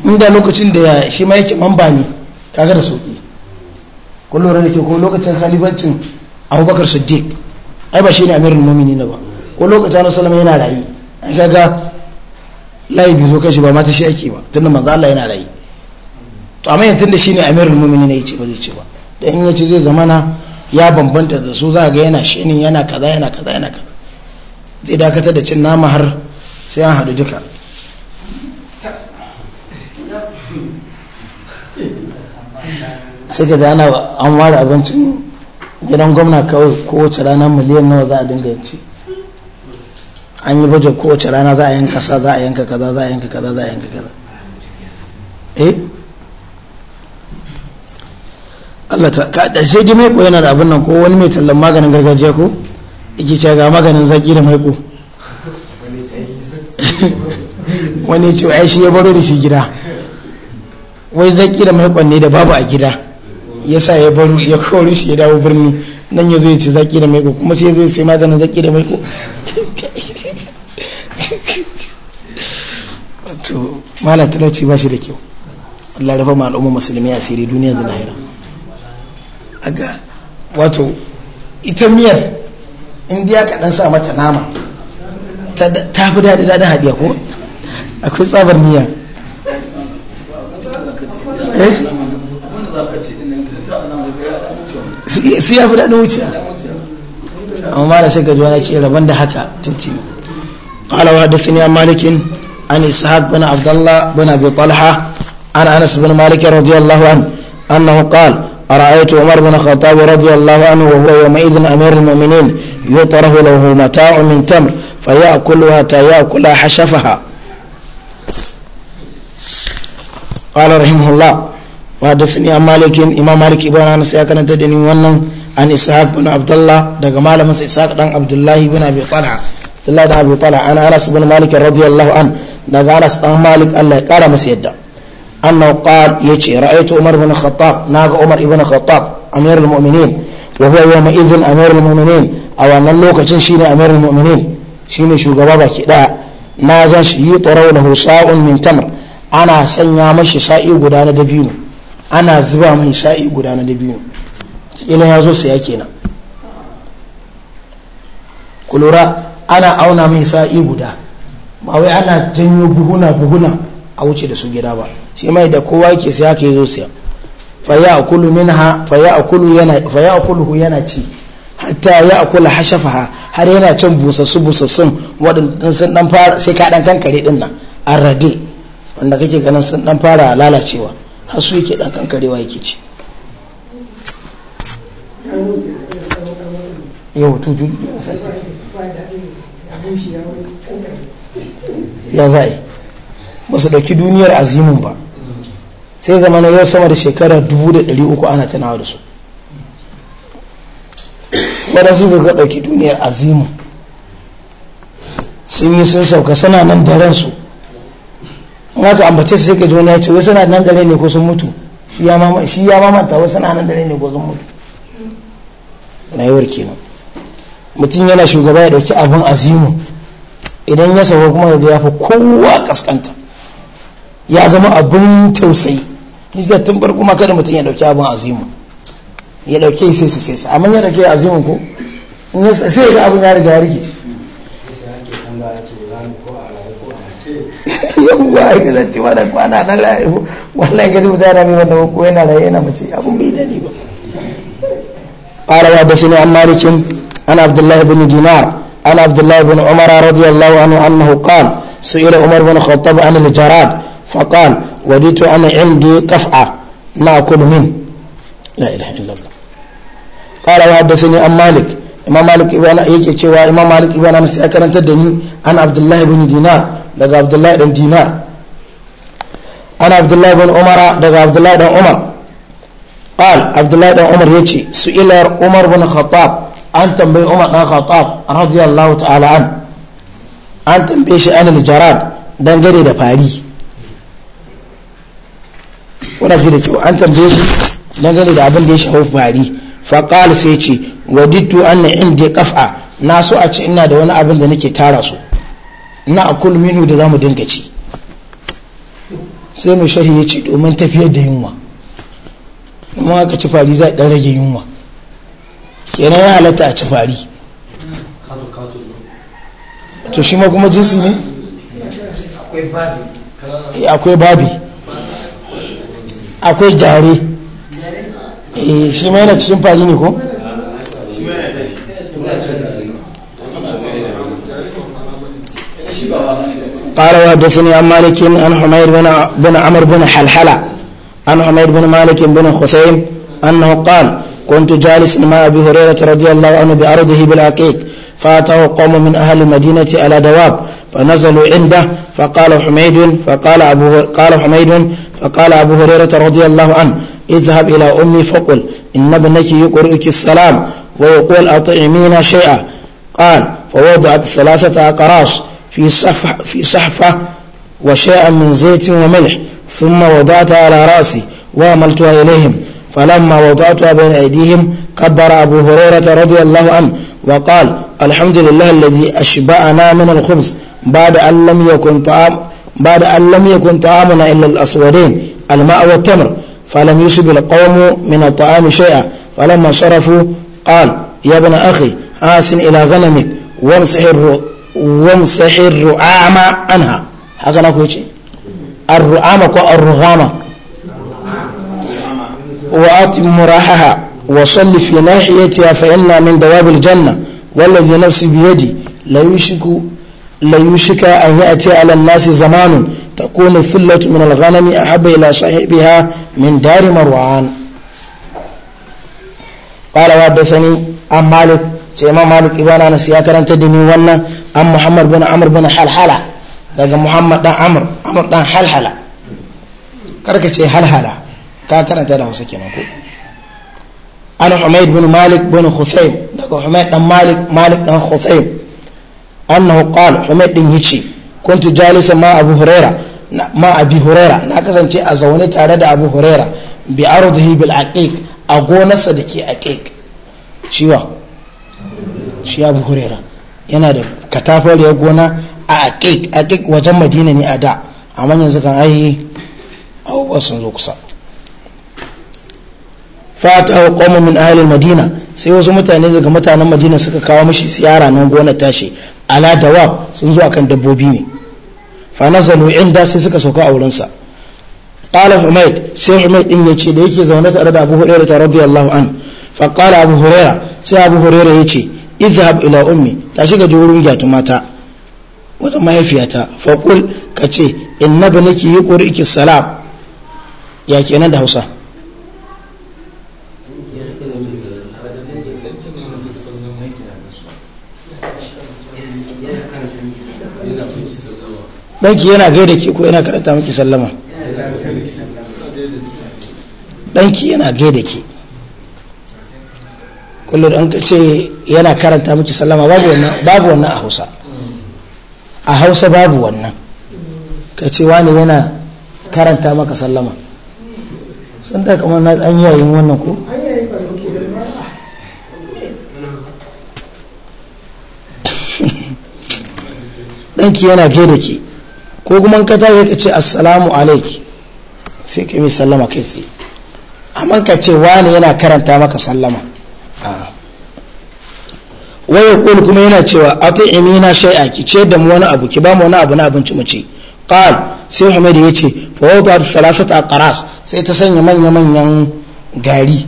inda lokacin da shi ma yake mamba ne kaga da sauki kullum da ke ko lokacin halibancin abubakar siddiq ai ba shi ne amirul mumini na ba ko lokacin na salama yana rayu an kaga layi bai zo kai shi ba mata shi ake ba tun da Allah yana rayu to amma yanzu shi ne amirul mumini na yace ba zai ce ba dan in yace zai zamana ya bambanta da su za ga yana shinin yana kaza yana kaza yana kaza zai dakatar da cin nama har sai an haɗu duka sai ka dana an ware abincin gidan gwamna kawai kowace rana miliyan nawa za a dinga yanci an yi baje kowace rana za a yanka sa za a yanka kaza za a yanka kaza za a yanka kaza eh Allah ta ka da sai mai ko yana da abin nan ko wani mai tallan maganin gargajiya ko yake ce ga maganin zaki da mai ko wani ce ai shi ya baro da shi gida wai zaki da mai ne da babu a gida ya sa ya baro ya kawo shi ya dawo birni nan ya zo ya ci zaki da maiko kuma sai ya zo ya sai maganin zaki da maiko to mala talauci ba shi da kyau Allah rufa ma al'umma musulmi sirri duniya da lahira aga wato ita miyar in biya ka dan sa mata nama ta fi daɗi daɗin haɗiya ko akwai tsabar miya eh su ya fi daɗin wuce amma da sai ka zuwa ce rabon da haka tuntuni qala wa hadathani an malikin an ishaq bin abdullah bin abi talha an anas bin malik radiyallahu an annahu qala رأيت عمر بن الخطاب رضي الله عنه وهو يومئذ أمير المؤمنين يطرح له متاع من تمر فيأكلها حتى يأكل حشفها قال رحمه الله waɗanda sun iya malayakin ima maliki na na saya kana daɗi waɗannan an isa na abdulahi daga malamin isa ɗan abdulahi bin abu talha an anasin ban maliki radiyallahu an da ganas an maliki allah ya kala masa yadda annabar ya ce ra'ayeto Umar bin khatab na ga Umar bin khatab amir al-mominin yau ya yi amir al-mominin a wannan lokacin shi ne amir al-mominin shi ne da na yanzu yi ta rauni musawun min ta ana sanya mashi sha'i guda na dabinu. ana zuba min sha'i guda na biyu ina ya zo kenan kulura ana auna min sa'i guda ba wai ana janyo buhuna buhuna a wuce da su gida ba shi mai da kowa yake saya ka zo fa ya akulu minha fa akulu yana fa akulu yana ci hatta ya akula hashafaha har yana cin busassu busassun waɗanda sun dan fara sai ka dan kankare din nan arade wanda kake ganin sun dan fara lalacewa har su yake dan kankarewa yake ci yau to juli ya zai ba su ɗauki duniyar azimin ba sai zama na yau sama da shekara 300 ana tunawa da su wadda su ga ɗauki duniyar azimin sun yi sun sauka suna nan da ransu in aka ambace su sai ka ya ce wasu na nan dare ne ko sun mutu shi ya mamanta wasu na nan dare ne ko sun mutu rayuwar nan mutum yana shugaba ya dauki abin azimu idan ya sauwa kuma da ya fi kowa kaskanta ya zama abin tausayi iska tun farko ma kada mutum ya dauki abin azimu ya dauke sai su sai amma ya dauke azimu ko sai ya ga abin ya riga ya rikice abubuwa ai da zan ce wannan kwana na la'ibu wannan gani mutane ne قال وحدثني عن مالك عن عبد الله بن دينار عن عبد الله بن عمر رضي الله عنه أنه قال سئل عمر بن الخطاب عن الجراد فقال وديت أن عندي قفعة ما أكل منه لا إله إلا الله قال وحدثني عن مالك إمام مالك ابن يجي إيه إمام مالك ابن أمسي أكرنت الدني عن عبد الله بن دينار daga abdullahi dan umar ya ce su ilayar umar bin khattab an tambayi umar dan khattab radiyallahu ta'ala an an tambaye shi anil jarad dan da fari wani fi ya shafi fari faƙal sai ce wadittu an na inda ya ƙafa na so a ce ina da wani abin da nake tara su na akul minu da zamu dinga ci sai mai sharhi ya ci domin tafiyar da yunwa kuma aka ci fari za a ɗan rage yunwa kenan ya halatta a ci fari to shi ma kuma jinsi ne akwai babi eh, akwai jare eh, shi ma yana cikin fari ne ko? قال وحدثني عن مالك عن حمير بن بن عمرو بن حلحلة عن حمير بن مالك بن خثيم أنه قال كنت جالس مع أبي هريرة رضي الله عنه بأرضه بالعقيق فأتاه قوم من أهل المدينة على دواب فنزلوا عنده فقال حميد فقال أبو قال حميد فقال أبو هريرة رضي الله عنه اذهب إلى أمي فقل إن ابنك يقرئك السلام ويقول أطعمينا شيئا قال فوضعت ثلاثة أقراش في صحفة, في صحفة وشاء من زيت وملح ثم وضعتها على رأسي وعملتها إليهم فلما وضعتها بين أيديهم كبر أبو هريرة رضي الله عنه وقال الحمد لله الذي أشبعنا من الخبز بعد أن لم يكن طعام بعد أن لم يكن طعامنا إلا الأسودين الماء والتمر فلم يصب القوم من الطعام شيئا فلما صرفوا قال يا ابن أخي آسن إلى غنمك وامسح wamsahir ru'ama anha haka na ko ce ar-ru'ama ko ar-rughama wa atim rahaha wa salli fi nahiyati fa inna min dawabil janna والذي نفسي بيدي لا يشك لا يشك أن يأتي على الناس زمان تكون الثلة من الغنم أحب إلى صاحبها من دار مروان قال وحدثني عن مالك ce imam malik ibn anas ya karanta da ni wannan an muhammad bin amr bin halhala daga muhammad dan amr amr dan halhala karka ce halhala ka karanta da hausa kenan ko an humayd bin malik bin khusaym daga humayd dan malik malik dan khusaym annahu qala humayd din yace kuntu jalisan ma abu huraira ma abi huraira na kasance a zaune tare da abu huraira bi ardihi bil aqiq a gonarsa da ke aqiq shi abu hurera yana da katafariyar gona a aqiq aqiq wajen madina ne a da amma yanzu kan ai abubuwa sun zo kusa fata qawmun min ahalin madina sai wasu mutane daga mutanen madina suka kawo mashi tsiyara nan gona tashi ala wa sun zo akan dabbobi ne fa nazalu inda sai suka sauka a wurinsa qala humayd sai ɗin ya ce da yake zaune tare da abu hurairah radiyallahu an fa qala abu hurairah sai abu ya ce. idhab ila ummi ta shiga je wurin mata wata mahaifiyata faƙul ka ce inna ba nake yi ƙuri'iki salam ya kenan da hausa ɗanki yana gaida ke ko yana karanta miki sallama ɗanki yana gaida ke kullum an ce yana karanta miki sallama babu wannan a hausa a hausa babu wannan ka ce wani yana karanta maka sallama sun da kamar na an yayin wannan ko ɗanki yana gaida ki ko kuma ka tashi ka ce assalamu alaiki sai ka yi sallama kai tsaye amma ka ce wani yana karanta maka sallama Wai ya kul kuma yana cewa ati imina a ki ce da mu wani abu ki ba mu wani abu na abinci mu ci qal sai Ahmad ya ce fa wata salasata karas sai ta sanya manya manyan gari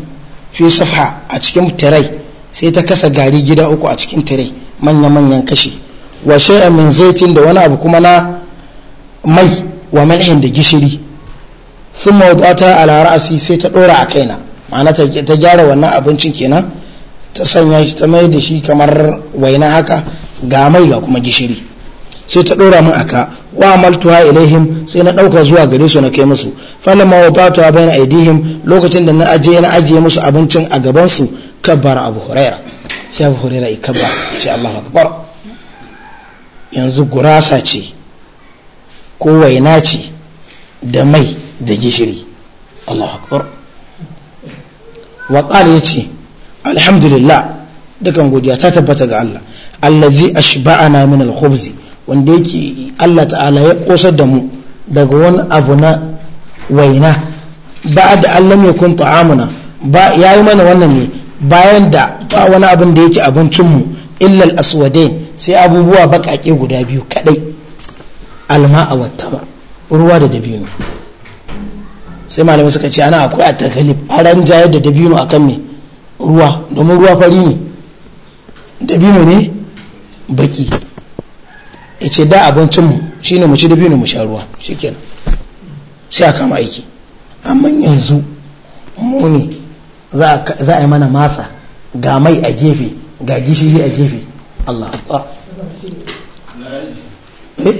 fi safha a cikin tirai sai ta kasa gari gida uku a cikin tirai manya manyan kashi wa shay'a min zaitin da wani abu kuma na mai wa malhin da gishiri sun mawata a ra'asi sai ta ɗora a kaina ma'ana ta gyara wannan abincin kenan ta sanya shi ta mai da shi kamar waina haka ga mai ga kuma gishiri sai ta ɗora min aka wa amaltuha ilaihim sai na ɗauka zuwa gare su na kai musu falamma wadatuha bayna aidihim lokacin da na ajiye na ajiye musu abincin a gaban su kabbar abu huraira sai abu huraira ya kabba ce Allahu akbar yanzu gurasa ce ko waina ce da mai da gishiri Allahu akbar wa qala yace alhamdulillah dukan godiya ta tabbata ga Allah allazi ashba'ana min alkhubzi wanda yake Allah ta'ala ya kosar da mu daga wani abu na waina ba da Allah ne kun ta'amuna ba yayi mana wannan ne bayan da ba wani abin da yake abincin mu illa alaswadain aswadain sai abubuwa bakake guda biyu kadai alma'a wa tama ruwa da dabino sai malamai suka ce ana akwai a takalif a ran jayar da dabino akan me ruwa domin ruwa fari ne dabino ne baki ya ce da abincinmu shi ne da biyu dabino mu sha ruwa shi kenan sai a kama aiki amma yanzu muni za a yi mana masa ga mai a gefe ga gishiri a gefe Allah eh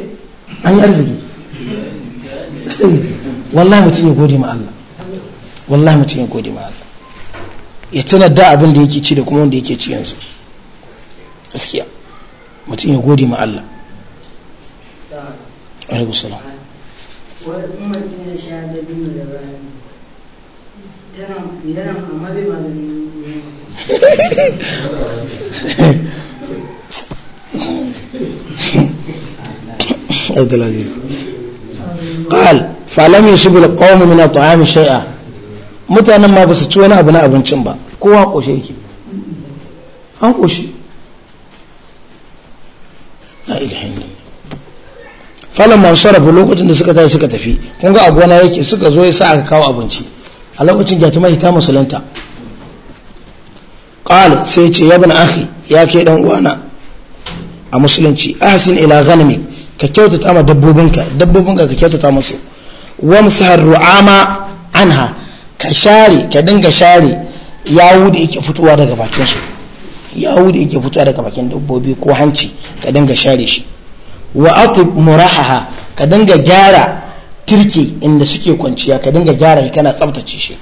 an yi arziki wallahi eh. mutum ya gode ma'ala wallahi mutum ya gode ma Allah ya tuna da abin da yake ci da kuma wanda yake ci yanzu gaskiya mutum ya gode ma Allah alaihi salam قال فلم يصب القوم من الطعام شيئا mutanen ma ba su ci wani abu na abincin ba kowa ƙoshe yake an ƙoshe na ilhamin falon masu sarrafa lokacin da suka tafi suka tafi kunga a gona yake suka zo ya sa aka kawo abinci a lokacin mai ta musulunta ƙal sai ce ya bin ahi ya ke ɗan uwana a musulunci ahasin ila ganami ka kyautata ma dabbobinka dabbobinka ka kyautata musu wamsahar ru'ama anha ka share ka dinga share yawu da yake fitowa daga bakin su yawu da yake fitowa daga bakin dabbobi ko hanci ka dinga share shi wa atib murahaha ka dinga gyara kirki inda suke kwanciya ka dinga gyara kana tsabtace shi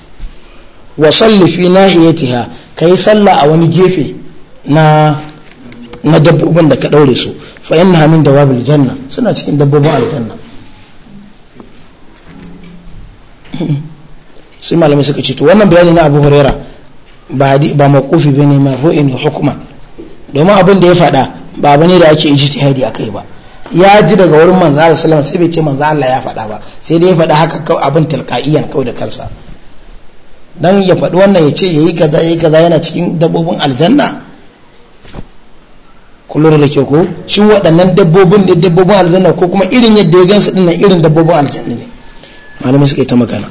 wa salli fi nahiyatiha ka yi sallah a wani gefe na na dabbobin da ka daure su fa innaha min dawabil janna suna cikin dabbobin aljanna sai malamai suka ce to wannan bayani na abu huraira ba ba maqufi bane ru'in hukuma domin abin da ya fada ba bane ne da ake ijtihadi akai ba ya ji daga wurin manzo Allah sallallahu sai bai ce manzo Allah ya fada ba sai dai ya fada haka abin tilqa'iyan kawai da kansa dan ya fadi wannan ya ce yayi kaza yayi kaza yana cikin dabbobin aljanna kullum da ke ko shi waɗannan dabbobin ne dabbobin aljanna ko kuma irin yadda ya gansu dinnan irin dabbobin aljanna ne malamai suka yi ta magana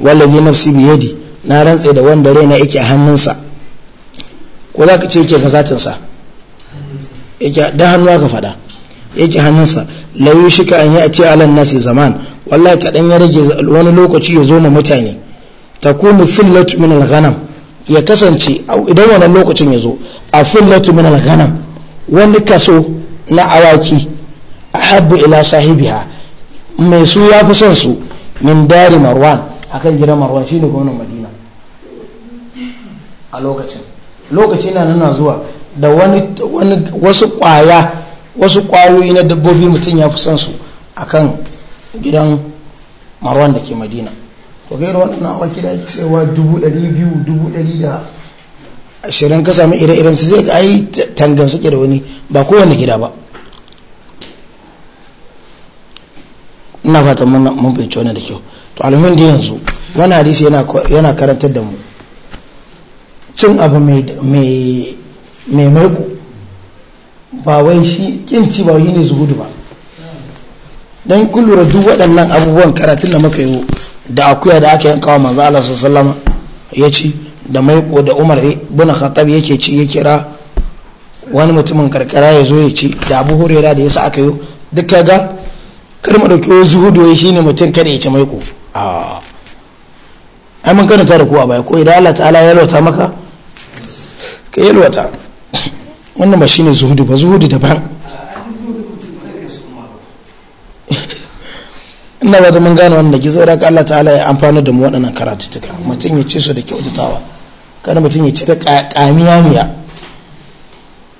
wallazi nafsi yadi na rantse da wanda raina yake a hannunsa ko za ka ce yake ga sa yake da hannu ka faɗa yake hannunsa layu shika an yi a ce alan nasi zaman wallahi kaɗan ya rage wani lokaci ya zo ma mutane ta kuma fillat min alghanam ya kasance idan wannan lokacin ya zo a fillatu min alghanam wani kaso na awaki a ahabbu ila sahibiha mai su ya fi son su min dari marwan akan gidan marwan shine gwamnan madina a lokacin lokacin na nuna zuwa da wani wasu kwaya wasu kwayoyi na dabbobi mutum ya fi son su akan gidan marwan da ke madina to gairu wannan awa da ake saiwa dubu dari biyu dubu dari da ashirin ka sami ire-iren su zai ga ayi tangan suke da wani ba kowane gida ba ina fata mun fahimci wani da kyau to alhamdu yanzu wani hadisi yana karantar da mu cin abu mai maiko ba wai shi kinci ba wai ne zuhudu ba don kullura duk waɗannan abubuwan karatun da muka yi da akuya da aka yankawa manzo Allah sallama ya ci da maiko da Umar bin Khattab yake ci ya kira wani mutumin karkara ya zo ya ci da Abu hurera da yasa aka yi duk kaga kar mu zuhudu wai shine mutum kada ya ci maiko a ai mun karanta da kowa baya ko idan Allah ta'ala ya yalwata maka ka yalwata wannan ba shine zuhudu ba zuhudu daban ina ba da mun gane wannan ki da ka Allah ta'ala ya amfana da mu waɗannan tuka mutum ya ce su da kyautatawa kada mutum ya ce da kamiya miya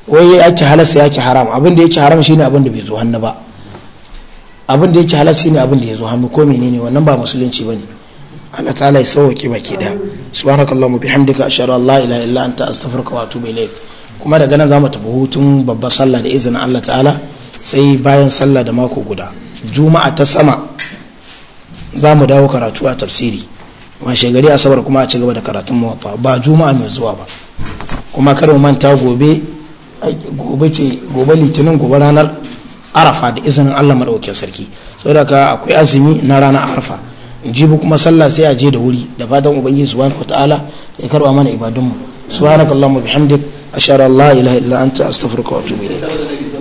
wai ya ki halasta ya ki haram abin da yake haram shine abin da bai zo hannu ba abin da yake halarci ne abin da ya zo hannu ko menene wannan ba musulunci ba ne. Allah ta'ala ya sauke baki da subhanakallahumma bihamdika ashhadu an la ilaha illa anta astaghfiruka wa atubu ilaik kuma daga nan zamu tafi hutun babbar sallah da izinin Allah ta'ala sai bayan sallah da mako guda juma'a ta sama za mu dawo karatu a tafsiri washe gari asabar kuma a ci gaba da karatun mawafa ba juma'a mai zuwa ba kuma kar mu manta gobe gobe ce gobe litinin gobe ranar arafa da izinin allah maɗaukin sarki saboda ka akwai azumi na ranar arafa jibi kuma sallah sai a je da wuri da fatan ubangiji subhanahu wataala ya karba mana ibadunmu subhanakallahumma bihamdik ashhadu an la ilaha illa anta astaghfiruka wa atubu